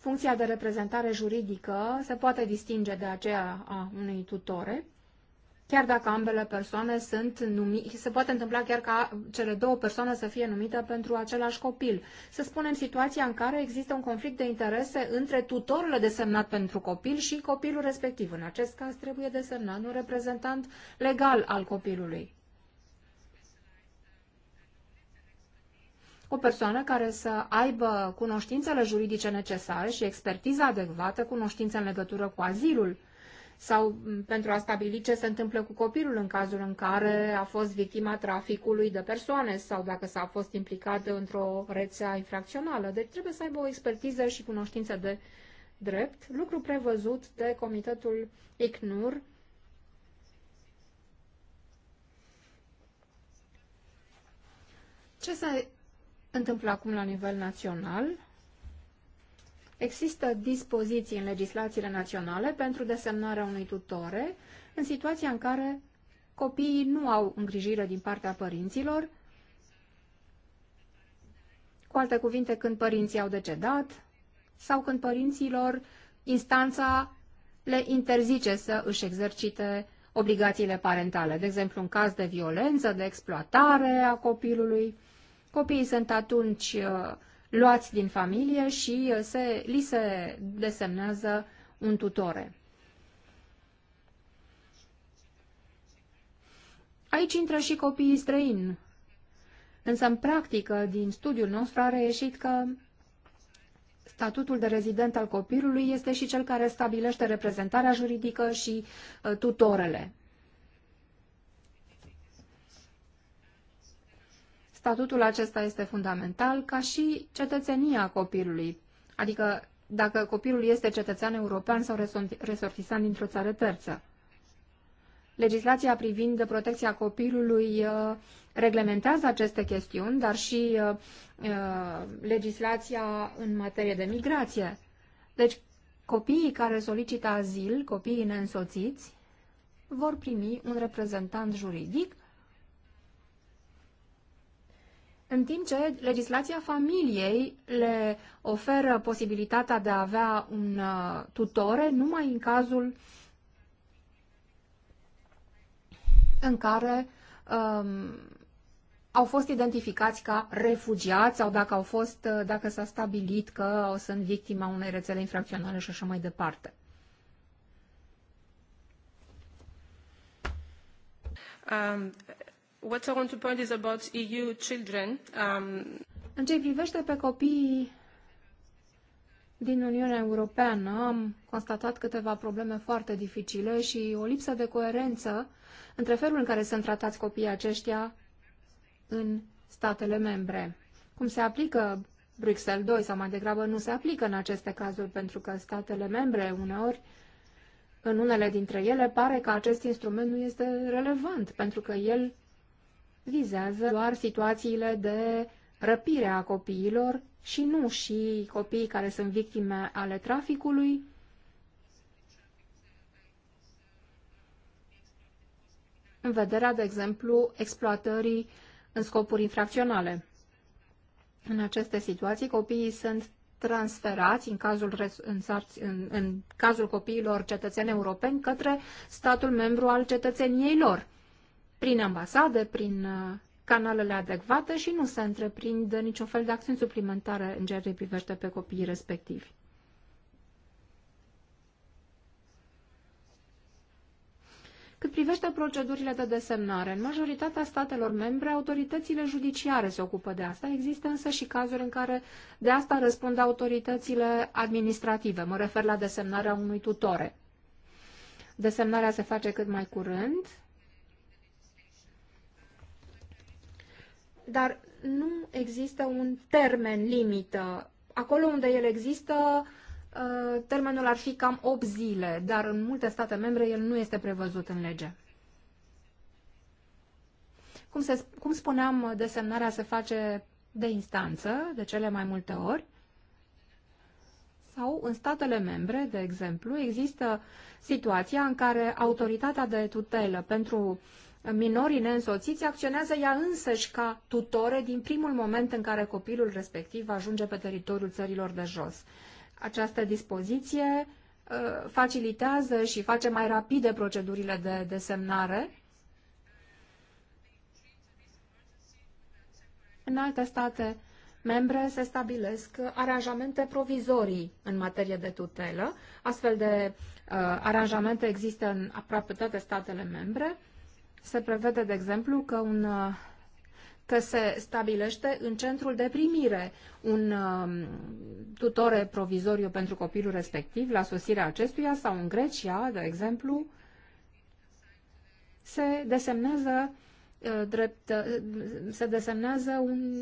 funcția de reprezentare juridică se poate distinge de aceea a unui tutore, chiar dacă ambele persoane sunt numite, se poate întâmpla chiar ca cele două persoane să fie numite pentru același copil. Să spunem situația în care există un conflict de interese între tutorul desemnat pentru copil și copilul respectiv. În acest caz trebuie desemnat un reprezentant legal al copilului. o persoană care să aibă cunoștințele juridice necesare și expertiza adecvată, cunoștințe în legătură cu azilul sau pentru a stabili ce se întâmplă cu copilul în cazul în care a fost victima traficului de persoane sau dacă s-a fost implicat într-o rețea infracțională. Deci trebuie să aibă o expertiză și cunoștințe de drept, lucru prevăzut de Comitetul ICNUR Ce se întâmplă acum la nivel național. Există dispoziții în legislațiile naționale pentru desemnarea unui tutore în situația în care copiii nu au îngrijire din partea părinților, cu alte cuvinte, când părinții au decedat sau când părinților instanța le interzice să își exercite obligațiile parentale, de exemplu în caz de violență, de exploatare a copilului, Copiii sunt atunci uh, luați din familie și uh, se, li se desemnează un tutore. Aici intră și copiii străini, însă în practică din studiul nostru a reieșit că statutul de rezident al copilului este și cel care stabilește reprezentarea juridică și uh, tutorele. Statutul acesta este fundamental ca și cetățenia copilului, adică dacă copilul este cetățean european sau resortisan dintr-o țară terță. Legislația privind protecția copilului uh, reglementează aceste chestiuni, dar și uh, uh, legislația în materie de migrație. Deci, copiii care solicită azil, copiii neînsoțiți, vor primi un reprezentant juridic în timp ce legislația familiei le oferă posibilitatea de a avea un uh, tutore numai în cazul în care um, au fost identificați ca refugiați sau dacă au fost, uh, dacă s-a stabilit că o sunt victima unei rețele infracționale și așa mai departe. Um, What I want to point is about EU children. Um... În ce privește pe copiii din Uniunea Europeană am constatat câteva probleme foarte dificile și o lipsă de coerență între felul în care sunt tratați copiii aceștia în statele membre. Cum se aplică Bruxelles 2 sau mai degrabă nu se aplică în aceste cazuri pentru că statele membre uneori în unele dintre ele pare că acest instrument nu este relevant pentru că el vizează doar situațiile de răpire a copiilor și nu și copiii care sunt victime ale traficului. În vederea, de exemplu, exploatării în scopuri infracționale. În aceste situații, copiii sunt transferați în cazul, în, în, în cazul copiilor cetățeni europeni către statul membru al cetățeniei lor prin ambasade, prin uh, canalele adecvate și nu se întreprind niciun fel de acțiuni suplimentare în ceea ce privește pe copiii respectivi. Cât privește procedurile de desemnare, în majoritatea statelor membre, autoritățile judiciare se ocupă de asta. Există însă și cazuri în care de asta răspund autoritățile administrative. Mă refer la desemnarea unui tutore. Desemnarea se face cât mai curând, dar nu există un termen limită. Acolo unde el există, uh, termenul ar fi cam 8 zile, dar în multe state membre el nu este prevăzut în lege. Cum, se, cum spuneam, desemnarea se face de instanță, de cele mai multe ori, sau în statele membre, de exemplu, există situația în care autoritatea de tutelă pentru minorii neînsoțiți acționează ea însăși ca tutore din primul moment în care copilul respectiv ajunge pe teritoriul țărilor de jos. Această dispoziție uh, facilitează și face mai rapide procedurile de desemnare. În alte state membre se stabilesc aranjamente provizorii în materie de tutelă. Astfel de uh, aranjamente există în aproape toate statele membre se prevede, de exemplu, că, un, uh, că se stabilește în centrul de primire un um, tutore provizoriu pentru copilul respectiv la sosirea acestuia sau în Grecia, de exemplu, se desemnează uh, drept, uh, se desemnează un,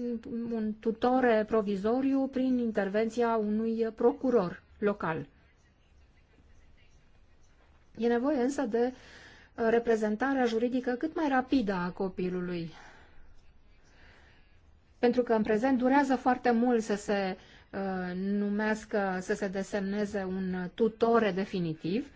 un tutore provizoriu prin intervenția unui procuror local. E nevoie însă de uh, reprezentarea juridică cât mai rapidă a copilului. Pentru că în prezent durează foarte mult să se uh, numească, să se desemneze un tutore definitiv.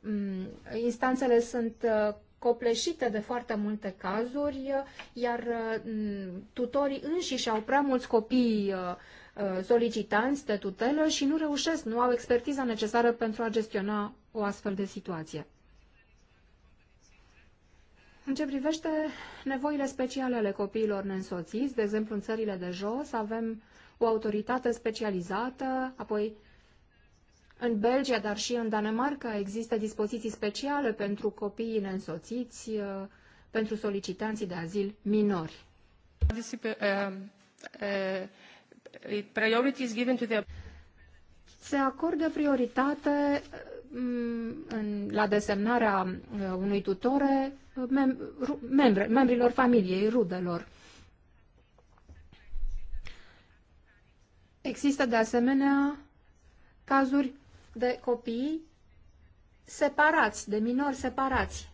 Mm, instanțele sunt uh, copleșite de foarte multe cazuri, iar uh, mm, tutorii înșiși au prea mulți copii uh, solicitanți de tutelă și nu reușesc, nu au expertiza necesară pentru a gestiona o astfel de situație. În ce privește nevoile speciale ale copiilor neînsoțiți, de exemplu în țările de jos, avem o autoritate specializată, apoi în Belgia, dar și în Danemarca există dispoziții speciale pentru copiii neînsoțiți, uh, pentru solicitanții de azil minori. Uh, uh, Se acordă prioritate Mm, în, la desemnarea uh, unui tutore uh, mem, membre, membrilor familiei, rudelor. Există de asemenea cazuri de copii separați, de minori separați.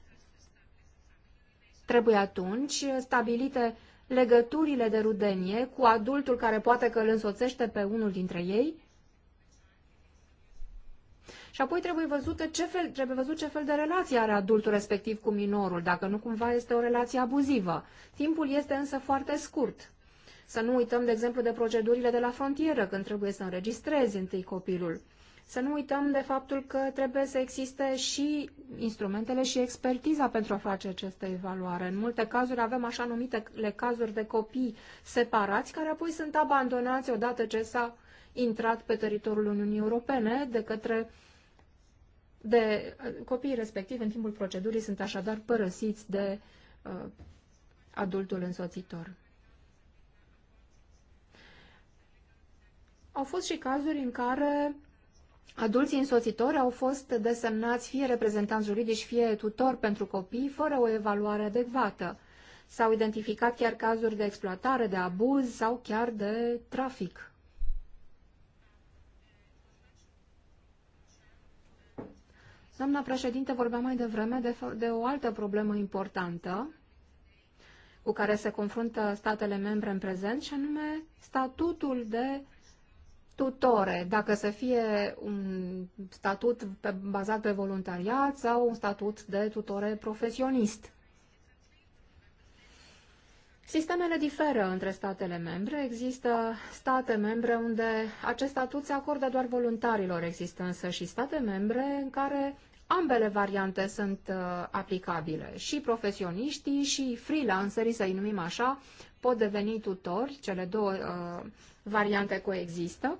Trebuie atunci stabilite legăturile de rudenie cu adultul care poate că îl însoțește pe unul dintre ei și apoi trebuie, văzută ce fel, trebuie văzut ce fel de relație are adultul respectiv cu minorul, dacă nu cumva este o relație abuzivă. Timpul este însă foarte scurt. Să nu uităm, de exemplu, de procedurile de la frontieră, când trebuie să înregistrezi întâi copilul. Să nu uităm de faptul că trebuie să existe și instrumentele și expertiza pentru a face această evaluare. În multe cazuri avem așa numitele cazuri de copii separați, care apoi sunt abandonați odată ce s-a intrat pe teritoriul Uniunii Europene de către de copiii respectivi în timpul procedurii sunt așadar părăsiți de uh, adultul însoțitor. Au fost și cazuri în care adulții însoțitori au fost desemnați fie reprezentanți juridici, fie tutori pentru copii, fără o evaluare adecvată. S-au identificat chiar cazuri de exploatare, de abuz sau chiar de trafic Doamna președinte vorbea mai devreme de, de o altă problemă importantă cu care se confruntă statele membre în prezent, și anume statutul de tutore, dacă să fie un statut pe, bazat pe voluntariat sau un statut de tutore profesionist. Sistemele diferă între statele membre. Există state membre unde acest statut se acordă doar voluntarilor. Există însă și state membre în care ambele variante sunt uh, aplicabile. Și profesioniștii și freelancerii, să-i numim așa, pot deveni tutori. Cele două uh, variante coexistă. Uh,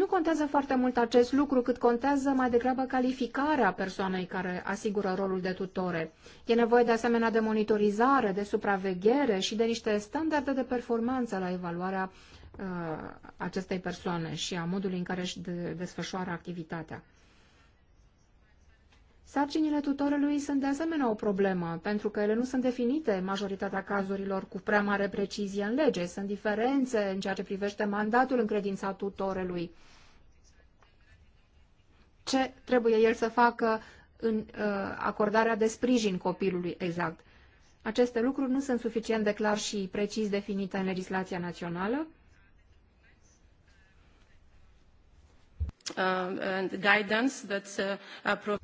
Nu contează foarte mult acest lucru, cât contează mai degrabă calificarea persoanei care asigură rolul de tutore. E nevoie de asemenea de monitorizare, de supraveghere și de niște standarde de performanță la evaluarea uh, acestei persoane și a modului în care își de desfășoară activitatea. Sarcinile tutorelui sunt de asemenea o problemă, pentru că ele nu sunt definite în majoritatea cazurilor cu prea mare precizie în lege. Sunt diferențe în ceea ce privește mandatul încredințat tutorelui ce trebuie el să facă în uh, acordarea de sprijin copilului exact. Aceste lucruri nu sunt suficient de clar și precis definite în legislația națională. Uh, and guidance that's uh,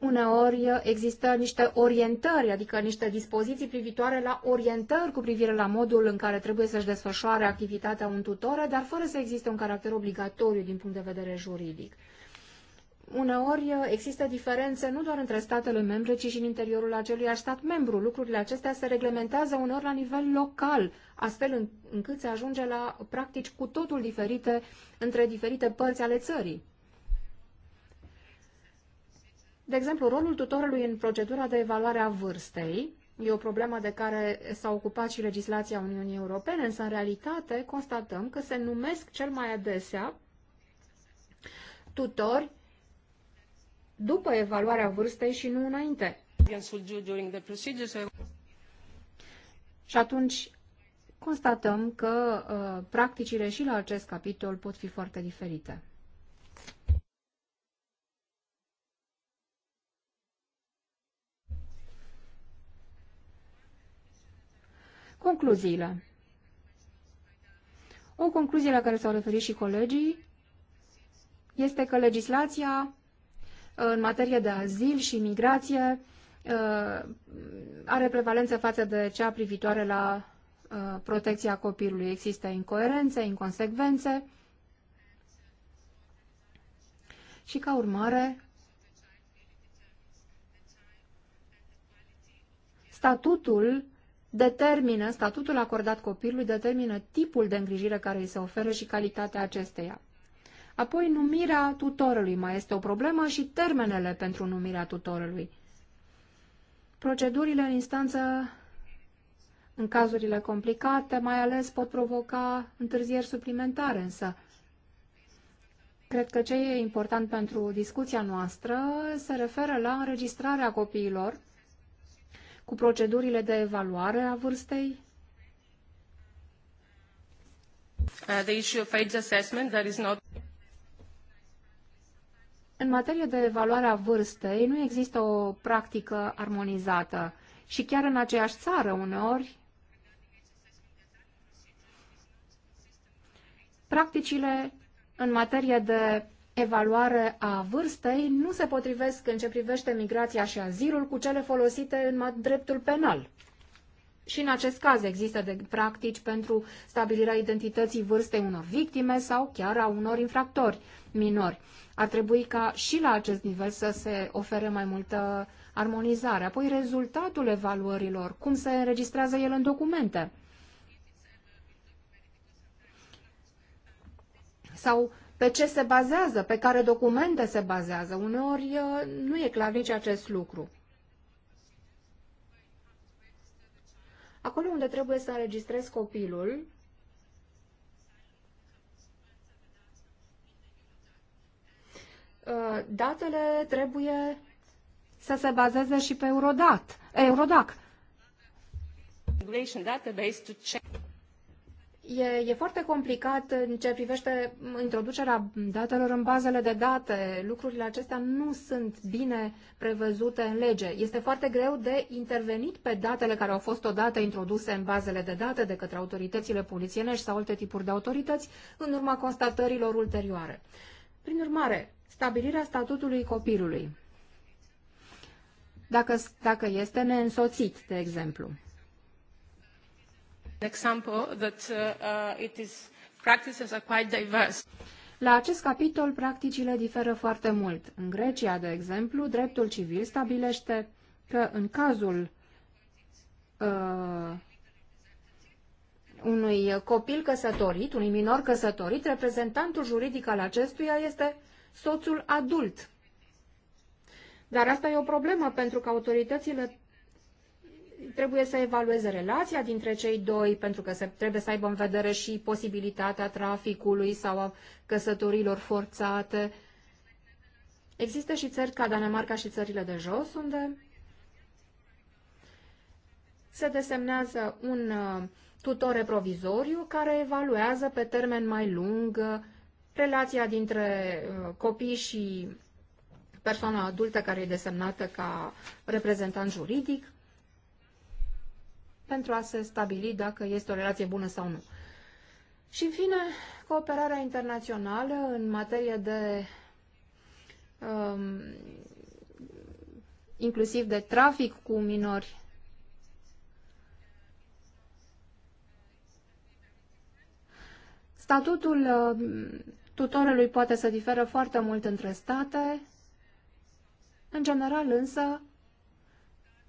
uneori uh, există niște orientări, adică niște dispoziții privitoare la orientări cu privire la modul în care trebuie să-și desfășoare activitatea un tutore, dar fără să existe un caracter obligatoriu din punct de vedere juridic. Uneori uh, există diferențe nu doar între statele membre, ci și în interiorul aceluiași stat membru. Lucrurile acestea se reglementează uneori la nivel local, astfel încât se ajunge la practici cu totul diferite între diferite părți ale țării. De exemplu, rolul tutorului în procedura de evaluare a vârstei e o problemă de care s-a ocupat și legislația Uniunii Europene, însă în realitate constatăm că se numesc cel mai adesea tutori după evaluarea vârstei și nu înainte. Și atunci constatăm că uh, practicile și la acest capitol pot fi foarte diferite. Concluziile. O concluzie la care s-au referit și colegii este că legislația uh, în materie de azil și migrație uh, are prevalență față de cea privitoare la uh, protecția copilului. Există incoerențe, inconsecvențe și, ca urmare, statutul determină, statutul acordat copilului determină tipul de îngrijire care îi se oferă și calitatea acesteia. Apoi, numirea tutorului mai este o problemă și termenele pentru numirea tutorului. Procedurile în instanță, în cazurile complicate, mai ales pot provoca întârzieri suplimentare, însă Cred că ce e important pentru discuția noastră se referă la înregistrarea copiilor cu procedurile de evaluare a vârstei? Uh, the issue of age assessment, is not... În materie de evaluare a vârstei, nu există o practică armonizată și chiar în aceeași țară uneori practicile în materie de evaluare a vârstei nu se potrivesc în ce privește migrația și azilul cu cele folosite în dreptul penal. Și în acest caz există de practici pentru stabilirea identității vârstei unor victime sau chiar a unor infractori minori. Ar trebui ca și la acest nivel să se ofere mai multă armonizare. Apoi rezultatul evaluărilor, cum se înregistrează el în documente. Sau pe ce se bazează, pe care documente se bazează. Uneori uh, nu e clar nici acest lucru. Acolo unde trebuie să înregistrezi copilul, uh, datele trebuie să se bazeze și pe Eurodat, Eurodac. E, e foarte complicat în ce privește introducerea datelor în bazele de date. Lucrurile acestea nu sunt bine prevăzute în lege. Este foarte greu de intervenit pe datele care au fost odată introduse în bazele de date de către autoritățile polițienești sau alte tipuri de autorități în urma constatărilor ulterioare. Prin urmare, stabilirea statutului copilului, dacă, dacă este neînsoțit, de exemplu an example that uh, it is practices are quite diverse. La acest capitol, practicile diferă foarte mult. În Grecia, de exemplu, dreptul civil stabilește că în cazul uh, unui copil căsătorit, unui minor căsătorit, reprezentantul juridic al acestuia este soțul adult. Dar asta e o problemă, pentru că autoritățile trebuie să evalueze relația dintre cei doi, pentru că se, trebuie să aibă în vedere și posibilitatea traficului sau a căsătorilor forțate. Există și țări ca Danemarca și țările de jos, unde se desemnează un uh, tutore provizoriu care evaluează pe termen mai lung uh, relația dintre uh, copii și persoana adultă care e desemnată ca reprezentant juridic pentru a se stabili dacă este o relație bună sau nu. Și, în fine, cooperarea internațională în materie de um, inclusiv de trafic cu minori. Statutul um, tutorelui poate să diferă foarte mult între state. În general, însă,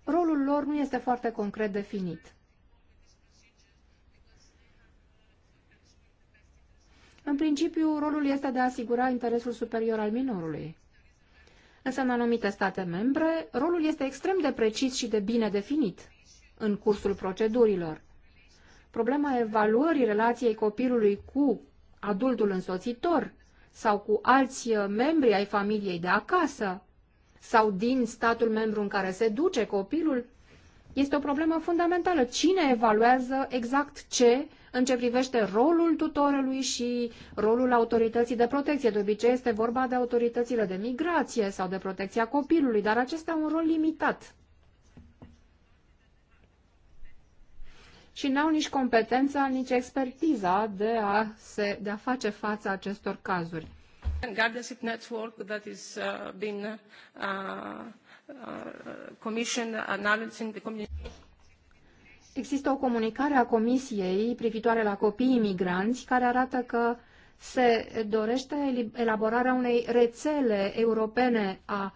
rolul lor nu este foarte concret definit. În principiu, rolul este de a asigura interesul superior al minorului. Însă, în anumite state membre, rolul este extrem de precis și de bine definit în cursul procedurilor. Problema evaluării relației copilului cu adultul însoțitor sau cu alți membri ai familiei de acasă sau din statul membru în care se duce copilul, este o problemă fundamentală. Cine evaluează exact ce în ce privește rolul tutorelui și rolul autorității de protecție? De obicei este vorba de autoritățile de migrație sau de protecția copilului, dar acestea au un rol limitat. Și n-au nici competența, nici expertiza de a, se, de a face față acestor cazuri. And network that is uh, been uh, uh, uh commissioned announcing the community. Există o comunicare a Comisiei privitoare la copiii migranți care arată că se dorește elaborarea unei rețele europene a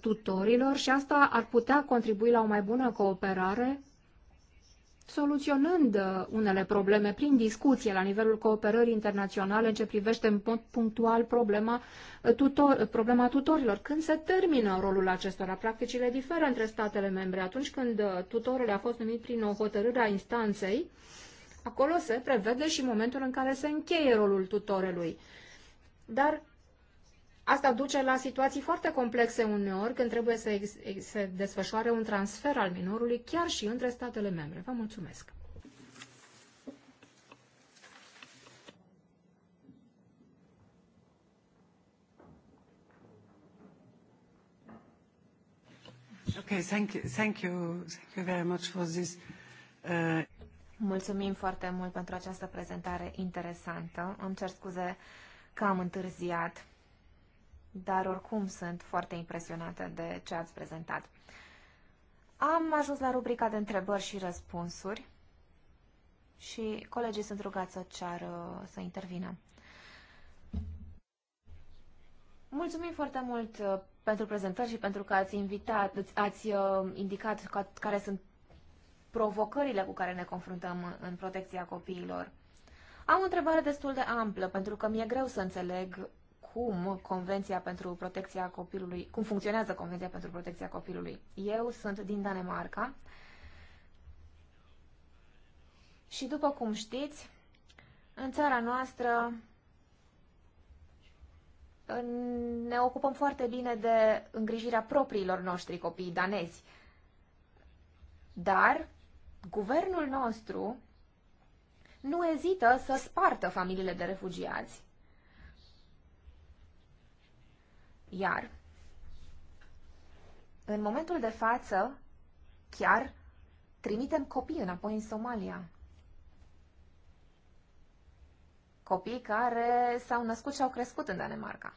tutorilor și asta ar putea contribui la o mai bună cooperare soluționând uh, unele probleme prin discuție la nivelul cooperării internaționale în ce privește în mod punctual problema, uh, tutor, uh, problema tutorilor. Când se termină rolul acestora, practicile diferă între statele membre. Atunci când tutorul a fost numit prin o hotărâre a instanței, acolo se prevede și momentul în care se încheie rolul tutorelui. Dar Asta duce la situații foarte complexe uneori când trebuie să se desfășoare un transfer al minorului chiar și între statele membre. Vă mulțumesc! Okay, thank you, thank you, thank you very much for this. Uh... Mulțumim foarte mult pentru această prezentare interesantă. Îmi cer scuze că am întârziat dar oricum sunt foarte impresionată de ce ați prezentat. Am ajuns la rubrica de întrebări și răspunsuri și colegii sunt rugați să ceară să intervină. Mulțumim foarte mult uh, pentru prezentări și pentru că ați invitat, ați uh, indicat care sunt provocările cu care ne confruntăm în protecția copiilor. Am o întrebare destul de amplă, pentru că mi-e greu să înțeleg cum Convenția pentru Protecția Copilului, cum funcționează Convenția pentru Protecția Copilului. Eu sunt din Danemarca și după cum știți, în țara noastră ne ocupăm foarte bine de îngrijirea propriilor noștri copii danezi. Dar guvernul nostru nu ezită să spartă familiile de refugiați Iar în momentul de față, chiar trimitem copii înapoi în Somalia. Copii care s-au născut și au crescut în Danemarca.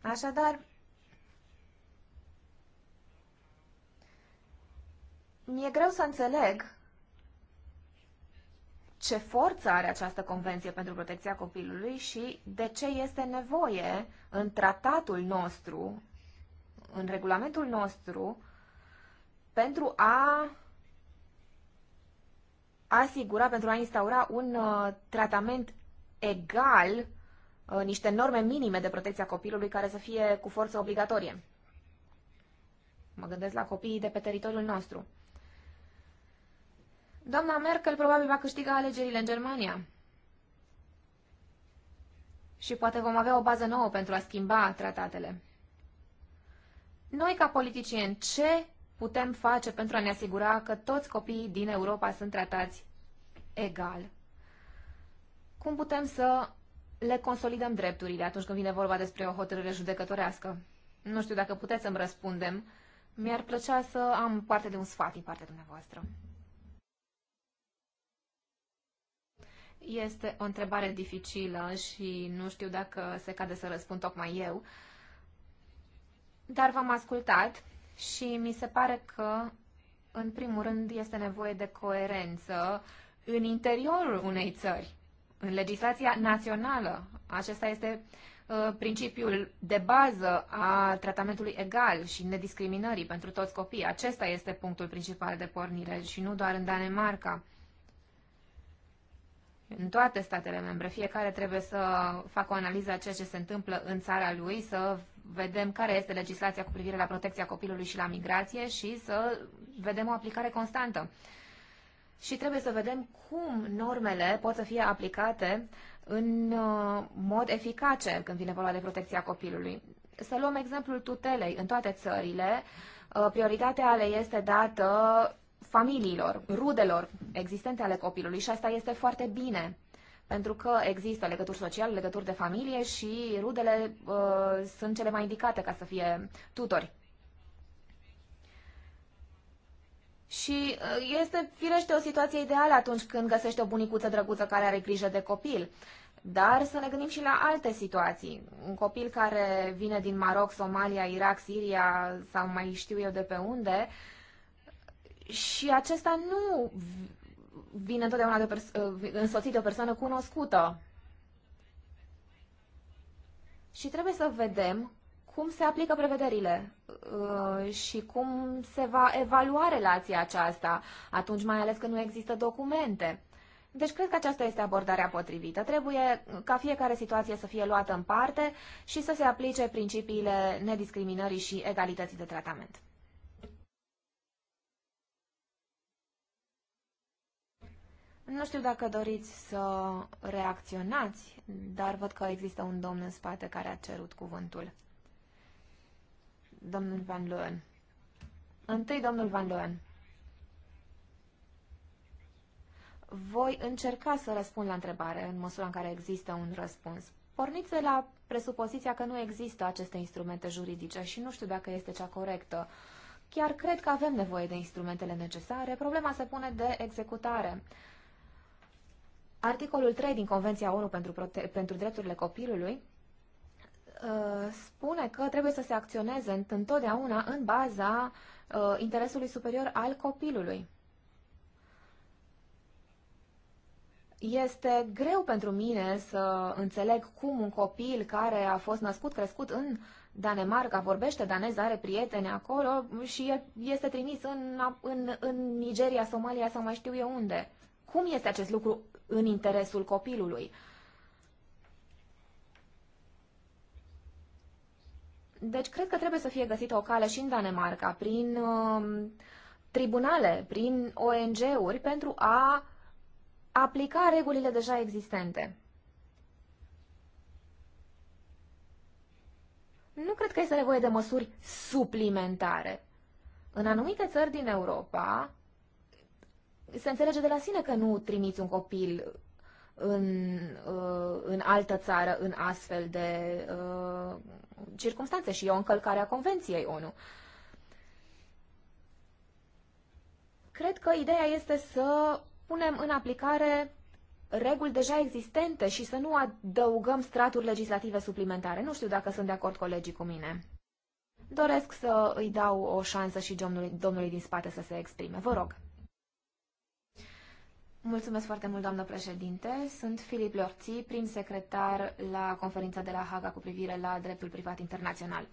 Așadar, mi-e greu să înțeleg ce forță are această convenție pentru protecția copilului și de ce este nevoie în tratatul nostru, în regulamentul nostru, pentru a asigura, pentru a instaura un uh, tratament egal, uh, niște norme minime de protecția copilului care să fie cu forță obligatorie. Mă gândesc la copiii de pe teritoriul nostru. Doamna Merkel probabil va câștiga alegerile în Germania. Și poate vom avea o bază nouă pentru a schimba tratatele. Noi, ca politicieni, ce putem face pentru a ne asigura că toți copiii din Europa sunt tratați egal? Cum putem să le consolidăm drepturile atunci când vine vorba despre o hotărâre judecătorească? Nu știu dacă puteți să-mi răspundem. Mi-ar plăcea să am parte de un sfat din partea dumneavoastră. Este o întrebare dificilă și nu știu dacă se cade să răspund tocmai eu, dar v-am ascultat și mi se pare că, în primul rând, este nevoie de coerență în interiorul unei țări, în legislația națională. Acesta este uh, principiul de bază a tratamentului egal și nediscriminării pentru toți copiii. Acesta este punctul principal de pornire și nu doar în Danemarca în toate statele membre. Fiecare trebuie să facă o analiză a ceea ce se întâmplă în țara lui, să vedem care este legislația cu privire la protecția copilului și la migrație și să vedem o aplicare constantă. Și trebuie să vedem cum normele pot să fie aplicate în uh, mod eficace când vine vorba de protecția copilului. Să luăm exemplul tutelei în toate țările. Uh, prioritatea ale este dată familiilor, rudelor existente ale copilului și asta este foarte bine, pentru că există legături sociale, legături de familie și rudele uh, sunt cele mai indicate ca să fie tutori. Și uh, este firește o situație ideală atunci când găsești o bunicuță drăguță care are grijă de copil. Dar să ne gândim și la alte situații. Un copil care vine din Maroc, Somalia, Irak, Siria sau mai știu eu de pe unde, uh, și acesta nu vine întotdeauna de uh, însoțit de o persoană cunoscută. Și trebuie să vedem cum se aplică prevederile uh, și cum se va evalua relația aceasta, atunci mai ales că nu există documente. Deci cred că aceasta este abordarea potrivită. Trebuie ca fiecare situație să fie luată în parte și să se aplice principiile nediscriminării și egalității de tratament. Nu știu dacă doriți să reacționați, dar văd că există un domn în spate care a cerut cuvântul. Domnul Van Leeuwen. Întâi, domnul Van Leeuwen. Voi încerca să răspund la întrebare în măsura în care există un răspuns. Porniți de la presupoziția că nu există aceste instrumente juridice și nu știu dacă este cea corectă. Chiar cred că avem nevoie de instrumentele necesare. Problema se pune de executare. Uh, Articolul 3 din Convenția ONU pentru, prote- pentru drepturile copilului uh, spune că trebuie să se acționeze întotdeauna în baza uh, interesului superior al copilului. Este greu pentru mine să înțeleg cum un copil care a fost născut, crescut în Danemarca, vorbește danez, are prieteni acolo și este trimis în, în, în Nigeria, Somalia sau mai știu eu unde. Cum este acest lucru în interesul copilului. Deci cred că trebuie să fie găsită o cale și în Danemarca, prin uh, tribunale, prin ONG-uri, pentru a aplica regulile deja existente. Nu cred că este nevoie de măsuri suplimentare. În anumite țări din Europa, se înțelege de la sine că nu trimiți un copil în, uh, în altă țară în astfel de uh, circunstanțe și e o încălcare a Convenției ONU. Cred că ideea este să punem în aplicare reguli deja existente și să nu adăugăm straturi legislative suplimentare. Nu știu dacă sunt de acord colegii cu mine. Doresc să îi dau o șansă și domnului, domnului din spate să se exprime. Vă rog. Mulțumesc foarte mult, doamnă președinte. Sunt Filip Lorți, prim secretar la conferința de la Haga cu privire la dreptul privat internațional.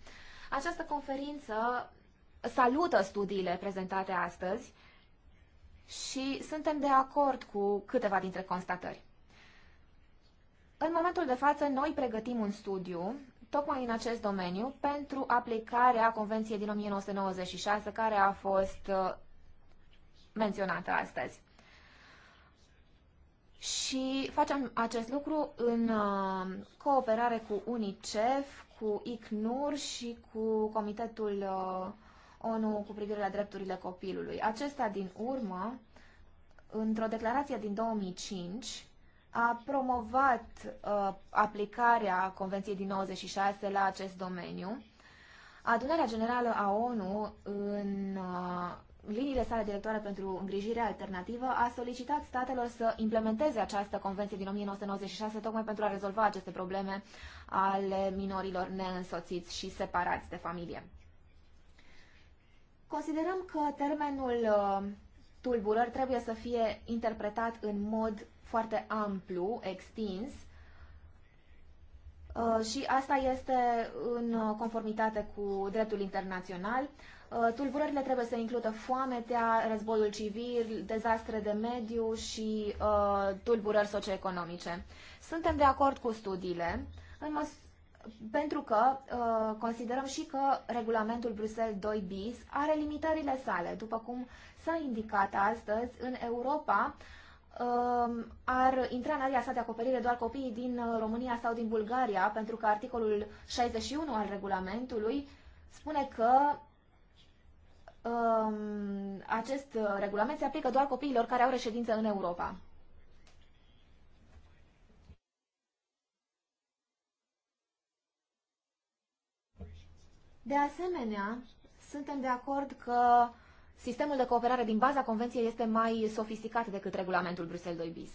Această conferință salută studiile prezentate astăzi și suntem de acord cu câteva dintre constatări. În momentul de față, noi pregătim un studiu tocmai în acest domeniu pentru aplicarea Convenției din 1996, care a fost uh, menționată astăzi și facem acest lucru în uh, cooperare cu UNICEF, cu ICNUR și cu Comitetul uh, ONU cu privire la drepturile copilului. Acesta, din urmă, într-o declarație din 2005, a promovat uh, aplicarea Convenției din 96 la acest domeniu. Adunarea Generală a ONU în, uh, liniile sale directoare pentru îngrijire alternativă, a solicitat statelor să implementeze această convenție din 1996 tocmai pentru a rezolva aceste probleme ale minorilor neînsoțiți și separați de familie. Considerăm că termenul uh, tulburări trebuie să fie interpretat în mod foarte amplu, extins, uh, și asta este în uh, conformitate cu dreptul internațional. Uh, tulburările trebuie să includă foametea, războiul civil, dezastre de mediu și uh, tulburări socioeconomice. Suntem de acord cu studiile, în măs- pentru că uh, considerăm și că regulamentul Bruxelles 2 bis are limitările sale. După cum s-a indicat astăzi, în Europa uh, ar intra în area sa de acoperire doar copiii din uh, România sau din Bulgaria, pentru că articolul 61 al regulamentului spune că Um, acest uh, regulament se aplică doar copiilor care au reședință în Europa. De asemenea, suntem de acord că sistemul de cooperare din baza convenției este mai sofisticat decât regulamentul Bruxelles 2 bis.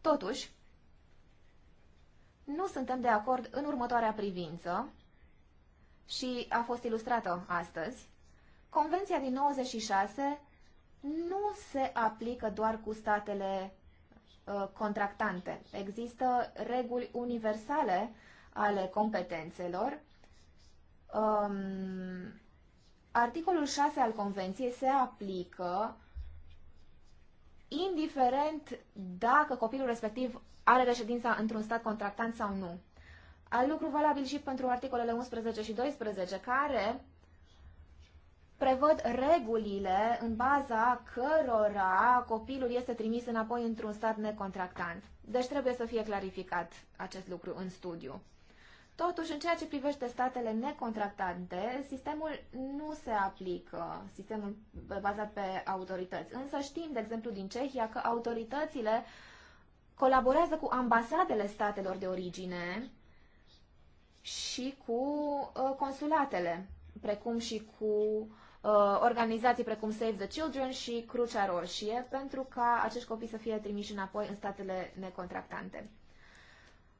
Totuși, nu suntem de acord în următoarea privință și a fost ilustrată astăzi. Convenția din 96 nu se aplică doar cu statele uh, contractante. Există reguli universale ale competențelor. Um, articolul 6 al Convenției se aplică indiferent dacă copilul respectiv are reședința într-un stat contractant sau nu. Al lucru valabil și pentru articolele 11 și 12, care prevăd regulile în baza cărora copilul este trimis înapoi într-un stat necontractant. Deci trebuie să fie clarificat acest lucru în studiu. Totuși, în ceea ce privește statele necontractante, sistemul nu se aplică, sistemul bazat pe autorități. Însă știm, de exemplu, din Cehia că autoritățile colaborează cu ambasadele statelor de origine și cu ă, consulatele, precum și cu uh, Uh, organizații precum Save the Children și Crucea Roșie pentru ca acești copii să fie trimiși înapoi în statele necontractante.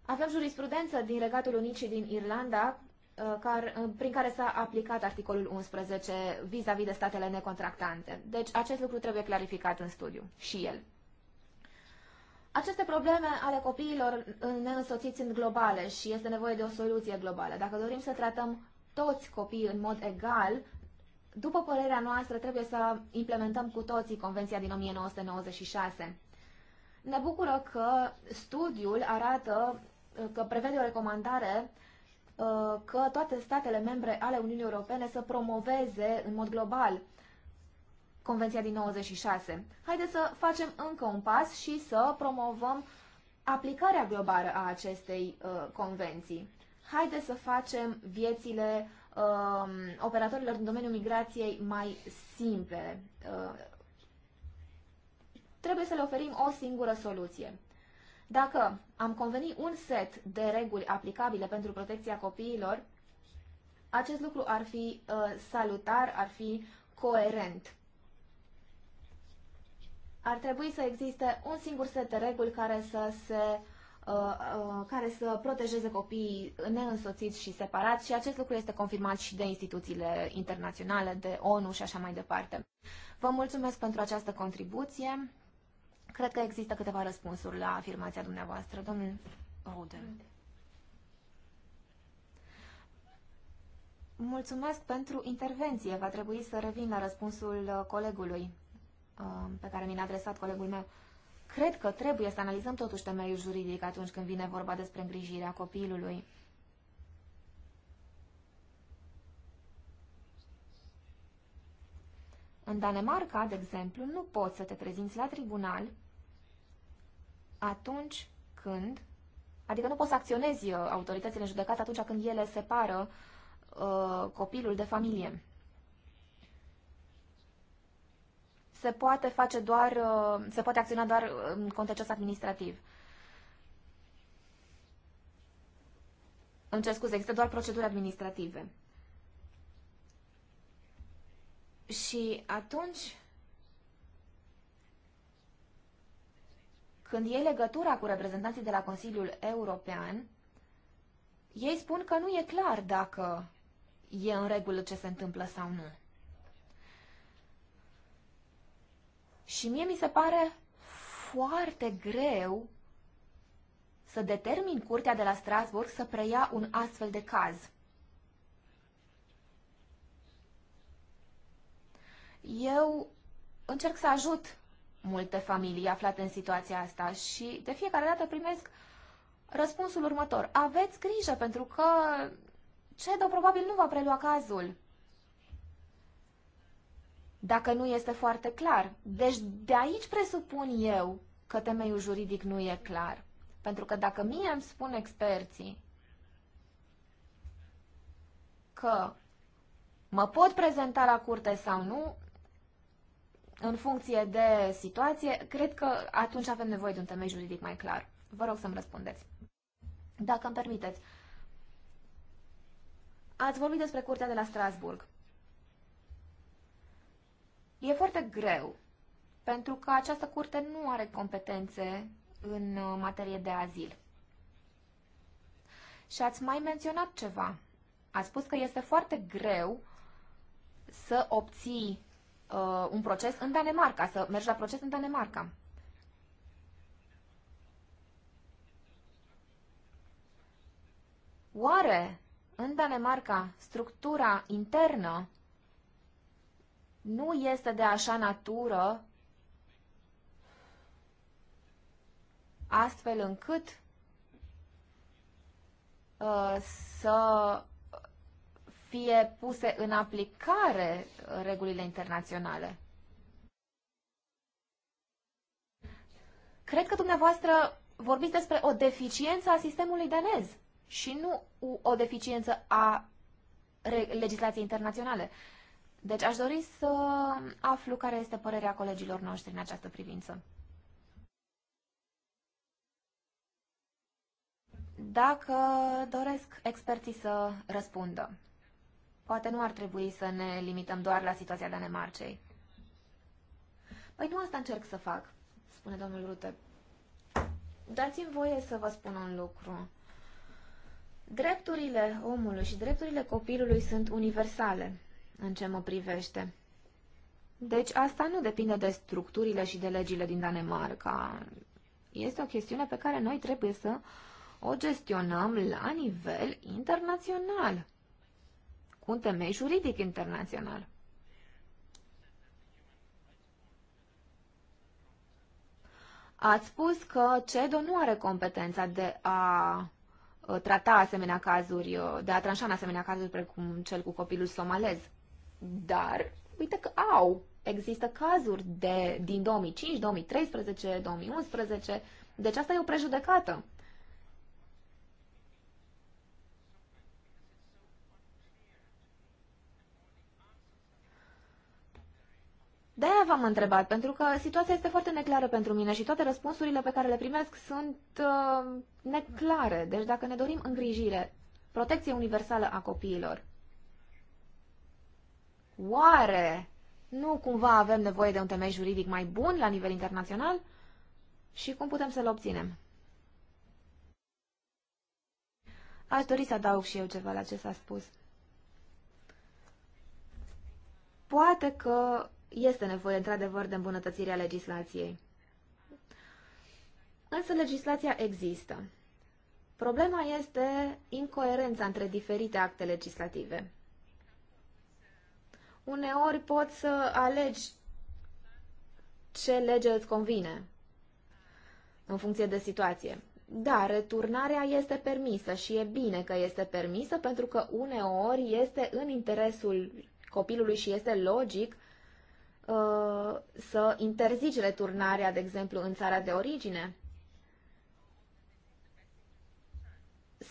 Avem jurisprudență din Regatul Unit și din Irlanda uh, care, uh, prin care s-a aplicat articolul 11 vis-a-vis -vis de statele necontractante. Deci acest lucru trebuie clarificat în studiu și el. Aceste probleme ale copiilor neînsoțiți sunt globale și este nevoie de o soluție globală. Dacă dorim să tratăm toți copiii în mod egal, după părerea noastră, trebuie să implementăm cu toții Convenția din 1996. Ne bucură că studiul arată că prevede o recomandare că toate statele membre ale Uniunii Europene să promoveze în mod global Convenția din 96. Haideți să facem încă un pas și să promovăm aplicarea globală a acestei uh, convenții. Haideți să facem viețile uh, operatorilor din domeniul migrației mai simple. Uh, trebuie să le oferim o singură soluție. Dacă am convenit un set de reguli aplicabile pentru protecția copiilor, acest lucru ar fi uh, salutar, ar fi coerent. Ar trebui să existe un singur set de reguli care să se Uh, uh, care să protejeze copiii neînsoțiți și separați și acest lucru este confirmat și de instituțiile internaționale, de ONU și așa mai departe. Vă mulțumesc pentru această contribuție. Cred că există câteva răspunsuri la afirmația dumneavoastră. Domnul Rude? Mulțumesc pentru intervenție. Va trebui să revin la răspunsul colegului uh, pe care mi l-a adresat colegul meu cred că trebuie să analizăm totuși temeiul juridic atunci când vine vorba despre îngrijirea copilului. În Danemarca, de exemplu, nu poți să te prezinți la tribunal atunci când, adică nu poți să acționezi uh, autoritățile în judecată atunci când ele separă uh, copilul de familie. se poate face doar, uh, se poate acționa doar uh, în contextul administrativ. Îmi cer scuze, există doar proceduri administrative. Și atunci, când e legătura cu reprezentanții de la Consiliul European, ei spun că nu e clar dacă e în regulă ce se întâmplă sau nu. Și mie mi se pare foarte greu să determin curtea de la Strasburg să preia un astfel de caz. Eu încerc să ajut multe familii aflate în situația asta și de fiecare dată primesc răspunsul următor. Aveți grijă pentru că CEDO probabil nu va prelua cazul dacă nu este foarte clar. Deci de aici presupun eu că temeiul juridic nu e clar. Pentru că dacă mie îmi spun experții că mă pot prezenta la curte sau nu, în funcție de situație, cred că atunci avem nevoie de un temei juridic mai clar. Vă rog să-mi răspundeți. Dacă îmi permiteți. Ați vorbit despre curtea de la Strasburg. E foarte greu, pentru că această curte nu are competențe în uh, materie de azil. Și ați mai menționat ceva. Ați spus că este foarte greu să obții uh, un proces în Danemarca, să mergi la proces în Danemarca. Oare în Danemarca structura internă nu este de așa natură astfel încât uh, să fie puse în aplicare regulile internaționale. Cred că dumneavoastră vorbiți despre o deficiență a sistemului danez și nu o deficiență a legislației internaționale. Deci aș dori să aflu care este părerea colegilor noștri în această privință. Dacă doresc experții să răspundă, poate nu ar trebui să ne limităm doar la situația Danemarcei. Păi nu asta încerc să fac, spune domnul Rute. Dați-mi voie să vă spun un lucru. Drepturile omului și drepturile copilului sunt universale în ce mă privește. Deci asta nu depinde de structurile și de legile din Danemarca. Este o chestiune pe care noi trebuie să o gestionăm la nivel internațional, cu un temei juridic internațional. Ați spus că CEDO nu are competența de a uh, trata asemenea cazuri, uh, de a tranșa în asemenea cazuri precum cel cu copilul somalez. Dar uite că au, există cazuri de, din 2005, 2013, 2011, deci asta e o prejudecată. de v-am întrebat, pentru că situația este foarte neclară pentru mine și toate răspunsurile pe care le primesc sunt uh, neclare. Deci dacă ne dorim îngrijire, protecție universală a copiilor, Oare nu cumva avem nevoie de un temei juridic mai bun la nivel internațional? Și cum putem să-l obținem? Aș dori să adaug și eu ceva la ce s-a spus. Poate că este nevoie într-adevăr de îmbunătățirea legislației. Însă legislația există. Problema este incoerența între diferite acte legislative uneori poți să alegi ce lege îți convine în funcție de situație. Da, returnarea este permisă și e bine că este permisă pentru că uneori este în interesul copilului și este logic uh, să interzici returnarea, de exemplu, în țara de origine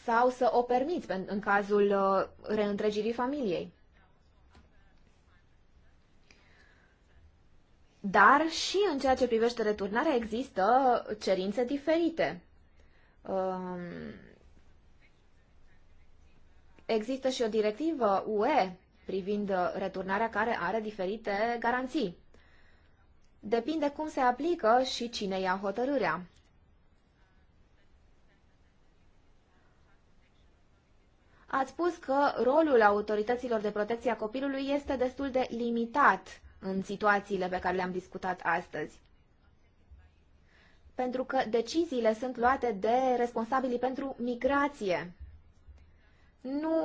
sau să o permiți în cazul uh, reîntregirii familiei. Dar și în ceea ce privește returnarea există cerințe diferite. Um, există și o directivă UE privind returnarea care are diferite garanții. Depinde cum se aplică și cine ia hotărârea. Ați spus că rolul autorităților de protecție a copilului este destul de limitat în situațiile pe care le-am discutat astăzi. Pentru că deciziile sunt luate de responsabilii pentru migrație. Nu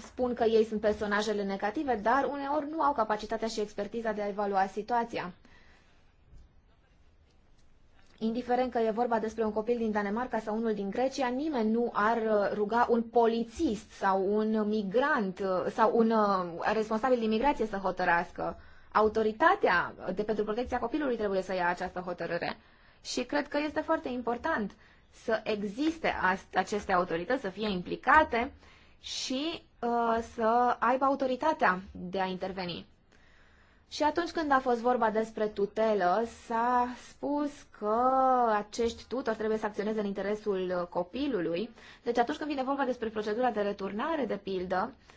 spun că ei sunt personajele negative, dar uneori nu au capacitatea și expertiza de a evalua situația. Indiferent că e vorba despre un copil din Danemarca sau unul din Grecia, nimeni nu ar uh, ruga un polițist sau un migrant uh, sau un uh, responsabil de imigrație să hotărască Autoritatea de pentru protecția copilului trebuie să ia această hotărâre. Și cred că este foarte important să existe aceste autorități, să fie implicate și uh, să aibă autoritatea de a interveni. Și atunci când a fost vorba despre tutelă, s-a spus că acești tutori trebuie să acționeze în interesul copilului. Deci atunci când vine vorba despre procedura de returnare, de pildă, uh,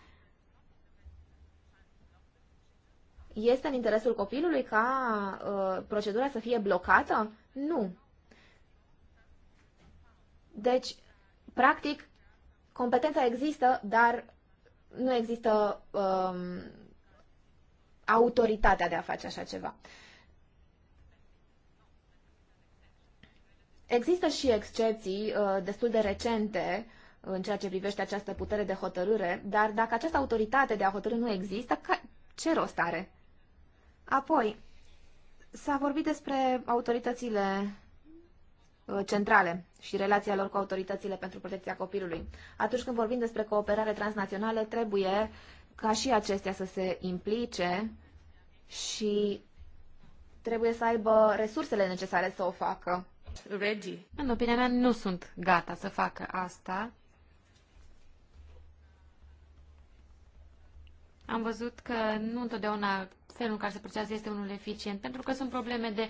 Este în interesul copilului ca uh, procedura să fie blocată? Nu. Deci, practic, competența există, dar nu există uh, autoritatea de a face așa ceva. Există și excepții uh, destul de recente în ceea ce privește această putere de hotărâre, dar dacă această autoritate de a hotărâ nu există, ca, ce rost are? Apoi, s-a vorbit despre autoritățile uh, centrale și relația lor cu autoritățile pentru protecția copilului. Atunci când vorbim despre cooperare transnațională, trebuie ca și acestea să se implice și trebuie să aibă resursele necesare să o facă. Regii. În opinia mea, nu sunt gata să facă asta. am văzut că nu întotdeauna felul în care se procesează este unul eficient, pentru că sunt probleme de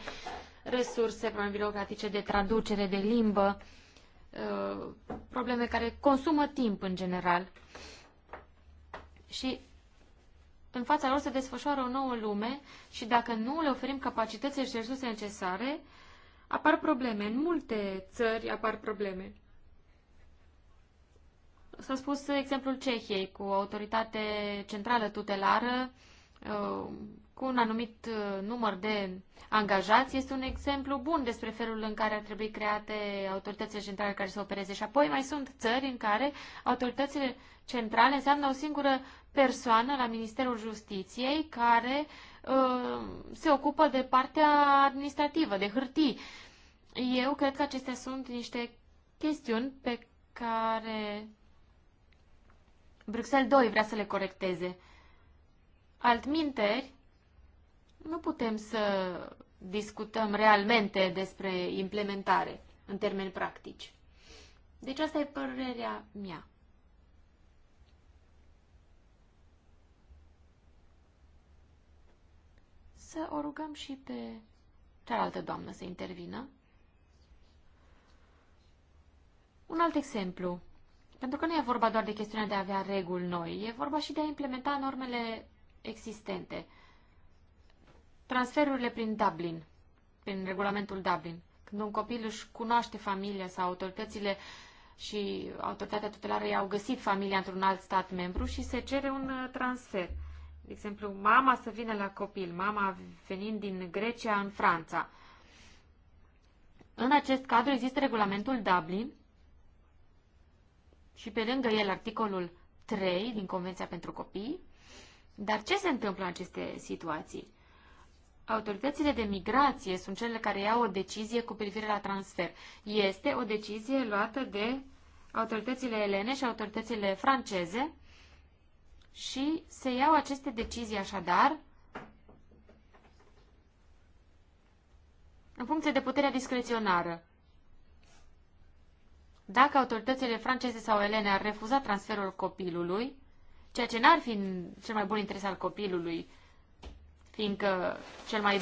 resurse, probleme birocratice, de traducere, de limbă, uh, probleme care consumă timp în general. Și în fața lor se desfășoară o nouă lume și dacă nu le oferim capacitățile și resurse necesare, apar probleme. În multe țări apar probleme. S-a spus exemplul Cehiei cu autoritate centrală tutelară uh, cu un anumit uh, număr de angajați este un exemplu bun despre felul în care ar trebui create autoritățile centrale care să opereze. Și apoi mai sunt țări în care autoritățile centrale înseamnă o singură persoană la Ministerul Justiției care uh, se ocupă de partea administrativă, de hârtii. Eu cred că acestea sunt niște chestiuni pe care Bruxelles 2 vrea să le corecteze. Altminteri, nu putem să discutăm realmente despre implementare în termeni practici. Deci asta e părerea mea. Să o rugăm și pe cealaltă doamnă să intervină. Un alt exemplu. Pentru că nu e vorba doar de chestiunea de a avea reguli noi, e vorba și de a implementa normele existente. Transferurile prin Dublin, prin regulamentul Dublin, când un copil își cunoaște familia sau autoritățile și autoritatea tutelară i-au găsit familia într-un alt stat membru și se cere un uh, transfer. De exemplu, mama să vină la copil, mama venind din Grecia în Franța. În acest cadru există regulamentul Dublin, și pe lângă el articolul 3 din Convenția pentru Copii. Dar ce se întâmplă în aceste situații? Autoritățile de migrație sunt cele care iau o decizie cu privire la transfer. Este o decizie luată de autoritățile elene și autoritățile franceze și se iau aceste decizii așadar în funcție de puterea discreționară dacă autoritățile franceze sau elene ar refuza transferul copilului, ceea ce n-ar fi în cel mai bun interes al copilului, fiindcă cel mai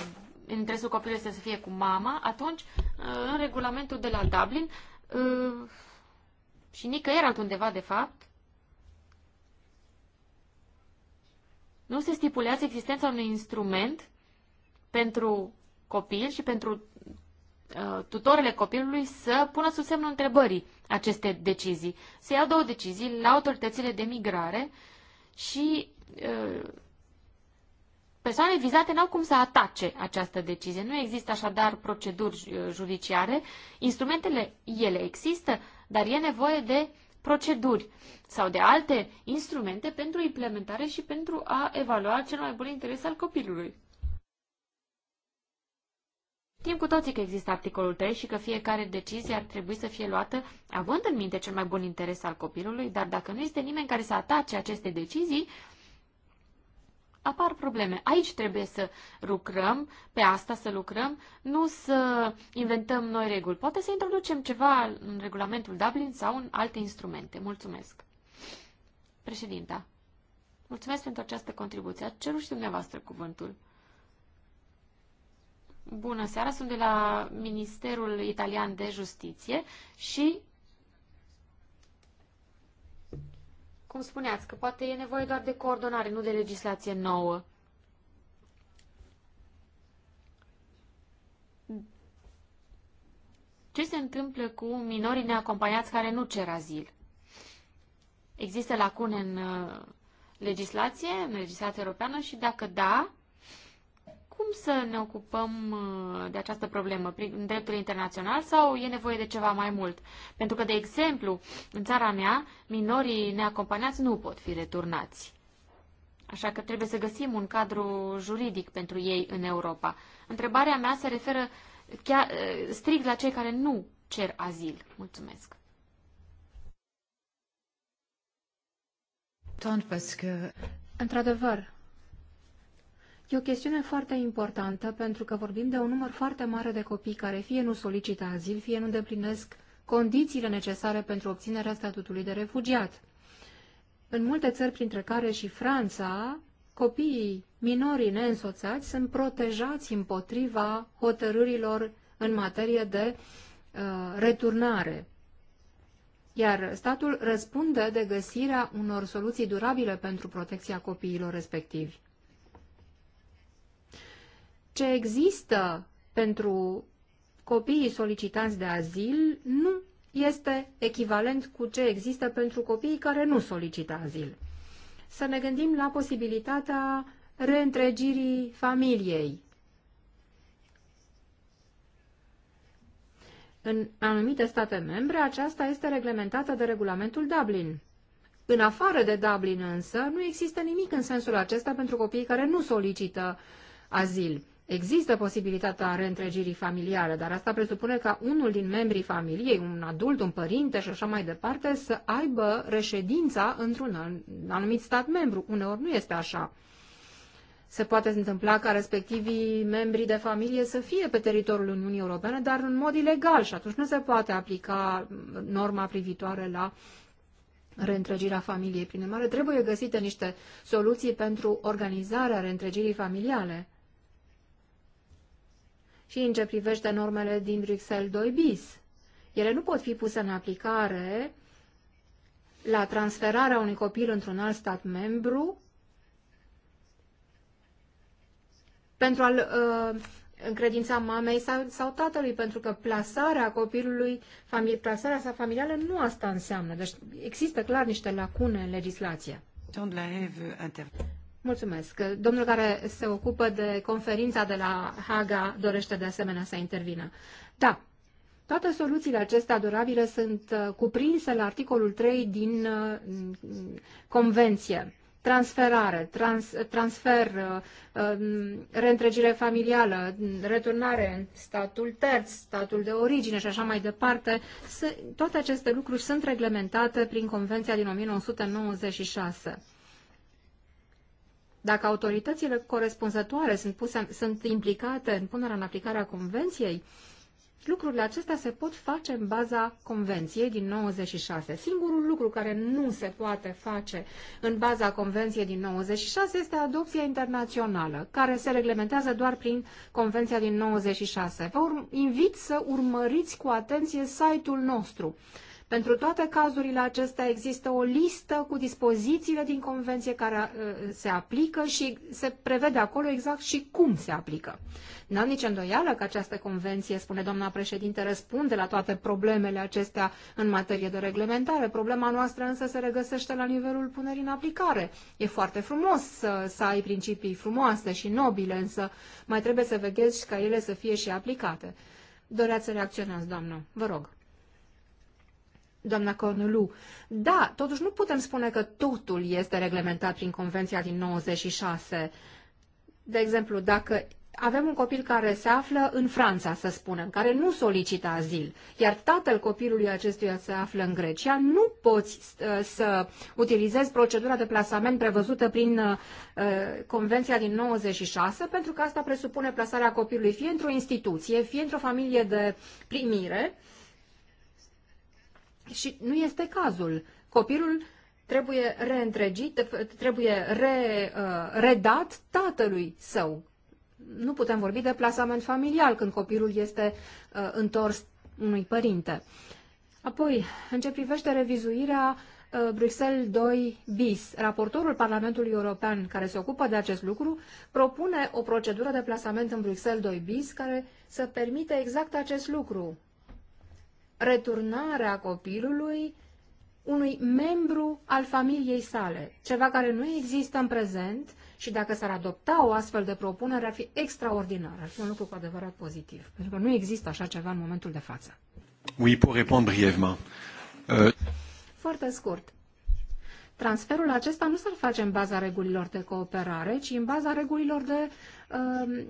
interesul copilului este să fie cu mama, atunci, uh, în regulamentul de la Dublin, uh, și nicăieri altundeva, de fapt, nu se stipulează existența unui instrument pentru copil și pentru uh, tutorele copilului să pună sub semnul întrebării aceste decizii. Se iau două decizii la autoritățile de migrare și persoanele vizate n-au cum să atace această decizie. Nu există așadar proceduri judiciare. Instrumentele, ele există, dar e nevoie de proceduri sau de alte instrumente pentru implementare și pentru a evalua cel mai bun interes al copilului. Știm cu toții că există articolul 3 și că fiecare decizie ar trebui să fie luată având în minte cel mai bun interes al copilului, dar dacă nu este nimeni care să atace aceste decizii, apar probleme. Aici trebuie să lucrăm, pe asta să lucrăm, nu să inventăm noi reguli. Poate să introducem ceva în regulamentul Dublin sau în alte instrumente. Mulțumesc. Președinta, mulțumesc pentru această contribuție. A cerut și dumneavoastră cuvântul. Bună seara, sunt de la Ministerul Italian de Justiție și cum spuneați, că poate e nevoie doar de coordonare, nu de legislație nouă. Ce se întâmplă cu minorii neacompaniați care nu cer azil? Există lacune în uh, legislație, în legislația europeană și dacă da, cum să ne ocupăm uh, de această problemă? Prin dreptul internațional sau e nevoie de ceva mai mult? Pentru că, de exemplu, în țara mea, minorii neacompaniați nu pot fi returnați. Așa că trebuie să găsim un cadru juridic pentru ei în Europa. Întrebarea mea se referă chiar, uh, strict la cei care nu cer azil. Mulțumesc. Într-adevăr, E o chestiune foarte importantă pentru că vorbim de un număr foarte mare de copii care fie nu solicită azil, fie nu îndeplinesc condițiile necesare pentru obținerea statutului de refugiat. În multe țări, printre care și Franța, copiii minorii neînsoțați sunt protejați împotriva hotărârilor în materie de uh, returnare. Iar statul răspunde de găsirea unor soluții durabile pentru protecția copiilor respectivi ce există pentru copiii solicitanți de azil nu este echivalent cu ce există pentru copiii care nu solicită azil. Să ne gândim la posibilitatea reîntregirii familiei. În anumite state membre, aceasta este reglementată de regulamentul Dublin. În afară de Dublin însă, nu există nimic în sensul acesta pentru copiii care nu solicită azil. Există posibilitatea reîntregirii familiale, dar asta presupune ca unul din membrii familiei, un adult, un părinte și așa mai departe, să aibă reședința într-un anumit stat membru. Uneori nu este așa. Se poate întâmpla ca respectivii membrii de familie să fie pe teritoriul Uniunii Europene, dar în mod ilegal și atunci nu se poate aplica norma privitoare la reîntregirea familiei. Prin urmare, trebuie găsite niște soluții pentru organizarea reîntregirii familiale și în ce privește normele din Bruxelles 2 bis. Ele nu pot fi puse în aplicare la transferarea unui copil într-un alt stat membru pentru a-l uh, încredința mamei sau, sau tatălui, pentru că plasarea copilului, familie, plasarea sa familială nu asta înseamnă. Deci există clar niște lacune în legislație. Mulțumesc. Domnul care se ocupă de conferința de la Haga dorește de asemenea să intervină. Da, toate soluțiile acestea durabile sunt uh, cuprinse la articolul 3 din uh, Convenție. Transferare, trans, transfer, uh, um, reîntregire familială, returnare în statul terț, statul de origine și așa mai departe, toate aceste lucruri sunt reglementate prin Convenția din 1996. Dacă autoritățile corespunzătoare sunt, puse, sunt implicate în punerea în aplicare a convenției, lucrurile acestea se pot face în baza convenției din 96. Singurul lucru care nu se poate face în baza convenției din 96 este adopția internațională, care se reglementează doar prin convenția din 96. Vă invit să urmăriți cu atenție site-ul nostru pentru toate cazurile acestea există o listă cu dispozițiile din convenție care uh, se aplică și se prevede acolo exact și cum se aplică. N-am nici îndoială că această convenție, spune doamna președinte, răspunde la toate problemele acestea în materie de reglementare. Problema noastră însă se regăsește la nivelul punerii în aplicare. E foarte frumos să, să ai principii frumoase și nobile, însă mai trebuie să veghezi ca ele să fie și aplicate. Doreați să reacționați, doamnă? Vă rog doamna Cornulu. Da, totuși nu putem spune că totul este reglementat prin Convenția din 96. De exemplu, dacă avem un copil care se află în Franța, să spunem, care nu solicită azil, iar tatăl copilului acestuia se află în Grecia, nu poți ă, să utilizezi procedura de plasament prevăzută prin ă, Convenția din 96, pentru că asta presupune plasarea copilului fie într-o instituție, fie într-o familie de primire, și nu este cazul. Copilul trebuie reîntregit, trebuie re, uh, redat tatălui său. Nu putem vorbi de plasament familial când copilul este uh, întors unui părinte. Apoi, în ce privește revizuirea uh, Bruxelles 2 bis, raportorul Parlamentului European care se ocupă de acest lucru propune o procedură de plasament în Bruxelles 2 bis care să permite exact acest lucru, returnarea copilului unui membru al familiei sale, ceva care nu există în prezent și dacă s-ar adopta o astfel de propunere ar fi extraordinar, ar fi un lucru cu adevărat pozitiv, pentru că nu există așa ceva în momentul de față. Oui, pour répondre brièvement. Uh... Foarte scurt. Transferul acesta nu s-ar face în baza regulilor de cooperare, ci în baza regulilor de uh,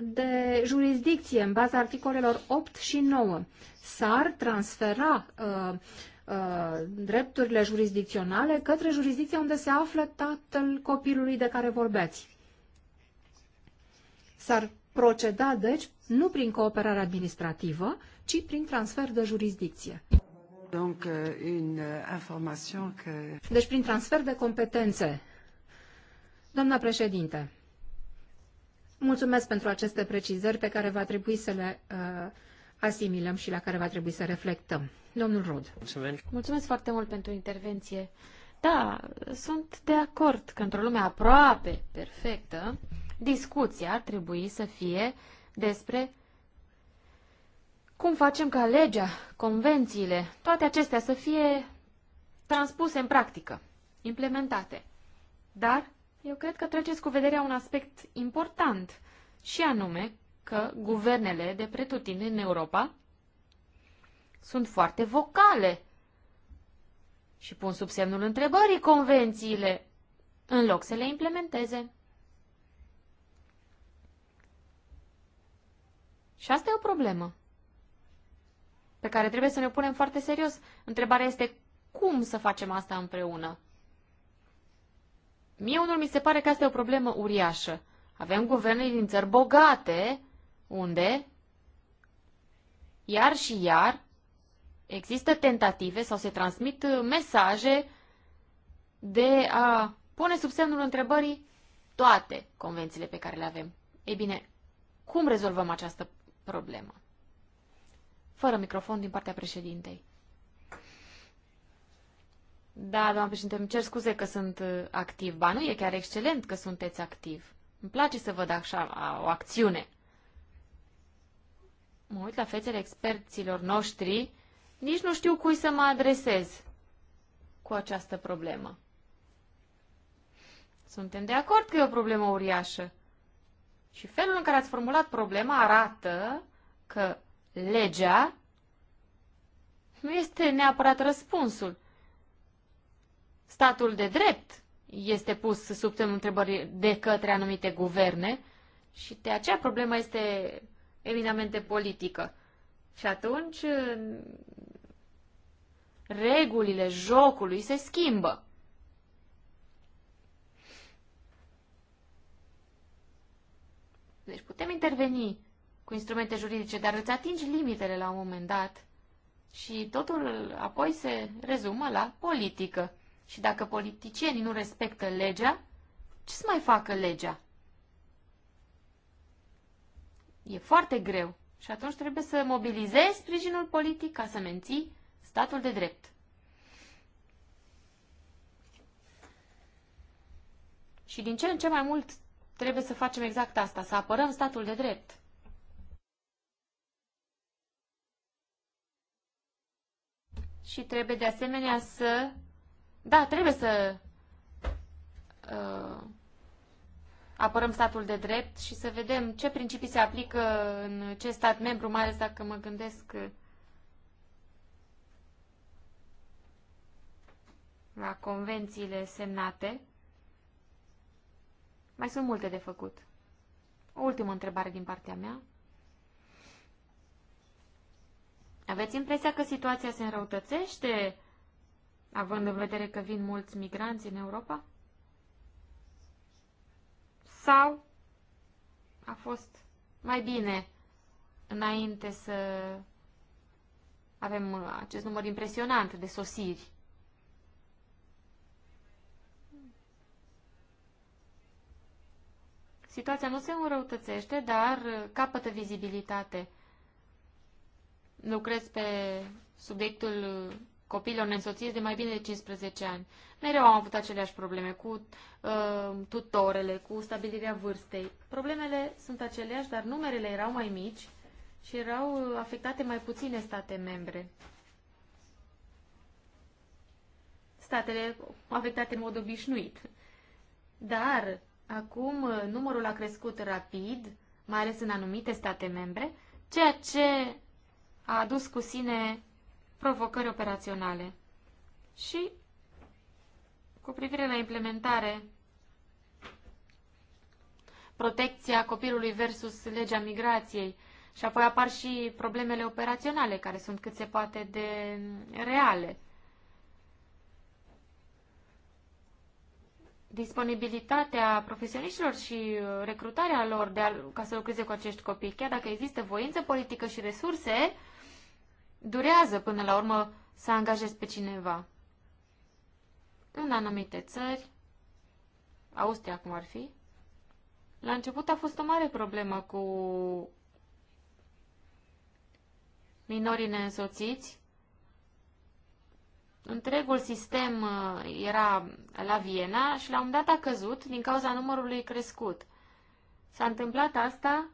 de jurisdicție în baza articolelor 8 și 9. S-ar transfera uh, uh, drepturile jurisdicționale către jurisdicția unde se află tatăl copilului de care vorbeați. S-ar proceda, deci, nu prin cooperare administrativă, ci prin transfer de jurisdicție. Donc, euh, une euh, information que... Deci prin transfer de competențe. Doamna președinte, Mulțumesc pentru aceste precizări pe care va trebui să le uh, asimilăm și la care va trebui să reflectăm. Domnul Rod. Mulțumesc, Mulțumesc foarte mult pentru intervenție. Da, sunt de acord că într-o lume aproape perfectă, discuția ar trebui să fie despre cum facem ca legea, convențiile, toate acestea să fie transpuse în practică, implementate. Dar eu cred că treceți cu vederea un aspect important, și anume că guvernele de pretutine în Europa sunt foarte vocale și pun sub semnul întrebării convențiile în loc să le implementeze. Și asta e o problemă pe care trebuie să ne punem foarte serios. Întrebarea este cum să facem asta împreună? Mie unul mi se pare că asta e o problemă uriașă. Avem guverne din țări bogate, unde, iar și iar, există tentative sau se transmit uh, mesaje de a pune sub semnul întrebării toate convențiile pe care le avem. Ei bine, cum rezolvăm această problemă? Fără microfon din partea președintei. Da, doamna președinte, îmi cer scuze că sunt uh, activ. Ba nu, e chiar excelent că sunteți activ. Îmi place să văd așa o acțiune. Mă uit la fețele experților noștri, nici nu știu cui să mă adresez cu această problemă. Suntem de acord că e o problemă uriașă. Și felul în care ați formulat problema arată că legea nu este neapărat răspunsul statul de drept este pus sub semnul întrebării de către anumite guverne și de aceea problema este eminamente politică. Și atunci regulile jocului se schimbă. Deci putem interveni cu instrumente juridice, dar îți atingi limitele la un moment dat și totul apoi se rezumă la politică. Și dacă politicienii nu respectă legea, ce să mai facă legea? E foarte greu și atunci trebuie să mobilizezi sprijinul politic ca să menții statul de drept. Și din ce în ce mai mult trebuie să facem exact asta, să apărăm statul de drept. Și trebuie de asemenea să da, trebuie să uh, apărăm statul de drept și să vedem ce principii se aplică în ce stat membru, mai ales dacă mă gândesc uh, la convențiile semnate. Mai sunt multe de făcut. O ultimă întrebare din partea mea. Aveți impresia că situația se înrăutățește având în vedere că vin mulți migranți în Europa? Sau a fost mai bine înainte să avem acest număr impresionant de sosiri? Situația nu se înrăutățește, dar capătă vizibilitate. Lucrez pe subiectul copiilor neînsoțiți de mai bine de 15 ani. Mereu am avut aceleași probleme cu uh, tutorele, cu stabilirea vârstei. Problemele sunt aceleași, dar numerele erau mai mici și erau uh, afectate mai puține state membre. Statele afectate în mod obișnuit. Dar acum uh, numărul a crescut rapid, mai ales în anumite state membre, ceea ce a adus cu sine provocări operaționale. Și cu privire la implementare, protecția copilului versus legea migrației și apoi apar și problemele operaționale, care sunt cât se poate de reale. disponibilitatea profesioniștilor și uh, recrutarea lor de a, ca să lucreze cu acești copii, chiar dacă există voință politică și resurse, durează până la urmă să angajezi pe cineva. În anumite țări, Austria cum ar fi, la început a fost o mare problemă cu minorii neînsoțiți. Întregul sistem uh, era la Viena și la un dat a căzut din cauza numărului crescut. S-a întâmplat asta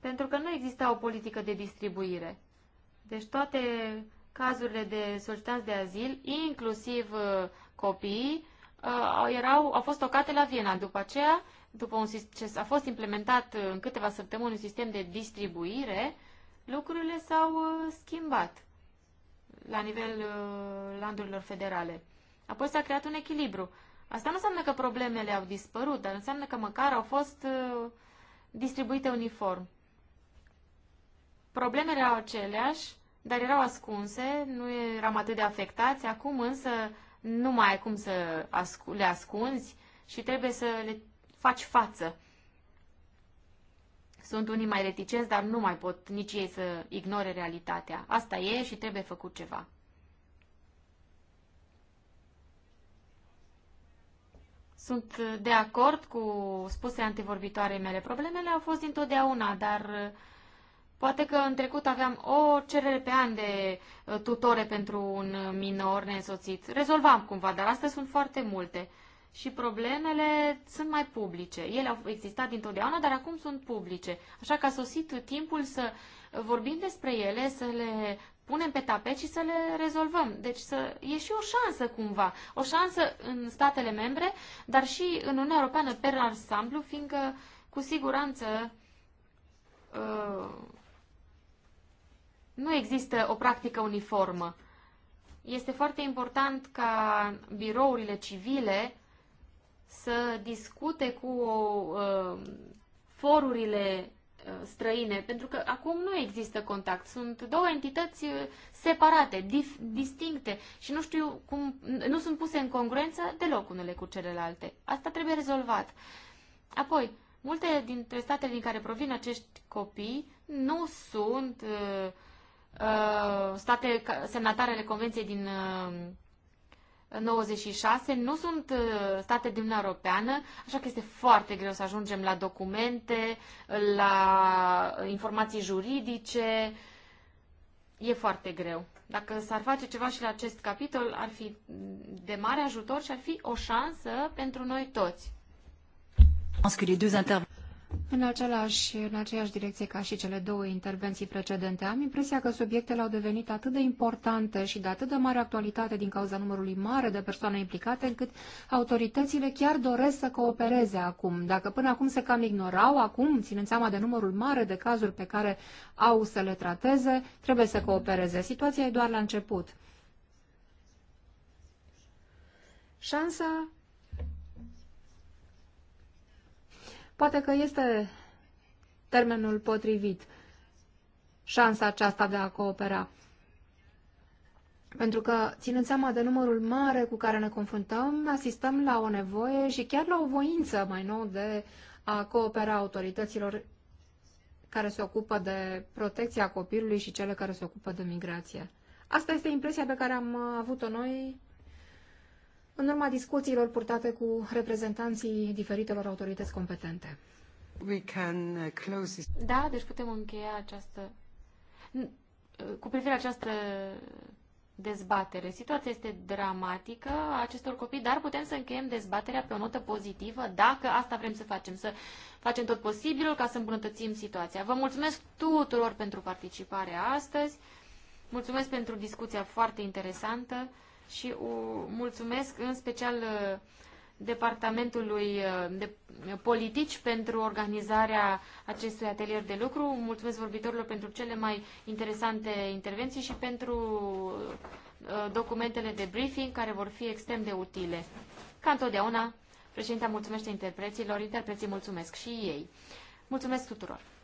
pentru că nu exista o politică de distribuire. Deci toate cazurile de solicitanți de azil, inclusiv uh, copiii, uh, erau, au fost tocate la Viena. După aceea, după un, ce a fost implementat uh, în câteva săptămâni un sistem de distribuire, lucrurile s-au schimbat la nivel landurilor federale. Apoi s-a creat un echilibru. Asta nu înseamnă că problemele au dispărut, dar înseamnă că măcar au fost distribuite uniform. Problemele erau aceleași, dar erau ascunse, nu eram atât de afectați. Acum însă nu mai ai cum să le ascunzi și trebuie să le faci față. Sunt unii mai reticenți, dar nu mai pot nici ei să ignore realitatea. Asta e și trebuie făcut ceva. Sunt de acord cu spusele antevorbitoarei mele. Problemele au fost întotdeauna, dar uh, Poate că în trecut aveam o cerere pe an de uh, tutore pentru un uh, minor neînsoțit. Rezolvam cumva, dar astăzi sunt foarte multe. Și problemele sunt mai publice. Ele au existat dintotdeauna, dar acum sunt publice. Așa că a sosit timpul să vorbim despre ele, să le punem pe tapet și să le rezolvăm. Deci să, e și o șansă cumva, o șansă în statele membre, dar și în Uniunea Europeană per ansamblu, fiindcă cu siguranță uh, nu există o practică uniformă. Este foarte important ca birourile civile să discute cu uh, forurile uh, străine, pentru că acum nu există contact. Sunt două entități uh, separate, dif- distincte și nu știu cum, nu sunt puse în congruență deloc unele cu celelalte. Asta trebuie rezolvat. Apoi, multe dintre statele din care provin acești copii nu sunt uh, Uh, state semnatarele Convenției din 96 uh, nu sunt uh, state din Uniunea Europeană, așa că este foarte greu să ajungem la documente, la informații juridice. E foarte greu. Dacă s-ar face ceva și la acest capitol, ar fi de mare ajutor și ar fi o șansă pentru noi toți. În, același, în aceeași direcție ca și cele două intervenții precedente, am impresia că subiectele au devenit atât de importante și de atât de mare actualitate din cauza numărului mare de persoane implicate, încât autoritățile chiar doresc să coopereze acum. Dacă până acum se cam ignorau, acum, ținând seama de numărul mare de cazuri pe care au să le trateze, trebuie să coopereze. Situația e doar la început. Șansa Poate că este termenul potrivit, șansa aceasta de a coopera. Pentru că, ținând seama de numărul mare cu care ne confruntăm, asistăm la o nevoie și chiar la o voință mai nou de a coopera autorităților care se ocupă de protecția copilului și cele care se ocupă de migrație. Asta este impresia pe care am avut-o noi în urma discuțiilor purtate cu reprezentanții diferitelor autorități competente. We can uh, close this. Da, deci putem încheia această... Uh, cu privire la această dezbatere. Situația este dramatică a acestor copii, dar putem să încheiem dezbaterea pe o notă pozitivă dacă asta vrem să facem, să facem tot posibilul ca să îmbunătățim situația. Vă mulțumesc tuturor pentru participare astăzi, mulțumesc pentru discuția foarte interesantă și uh, mulțumesc în special uh, Departamentului uh, de Politici pentru organizarea acestui atelier de lucru. Mulțumesc vorbitorilor pentru cele mai interesante intervenții și pentru documentele de briefing care vor fi extrem de utile. Ca întotdeauna, președinta mulțumește interpreților, interpreții mulțumesc și ei. Mulțumesc tuturor!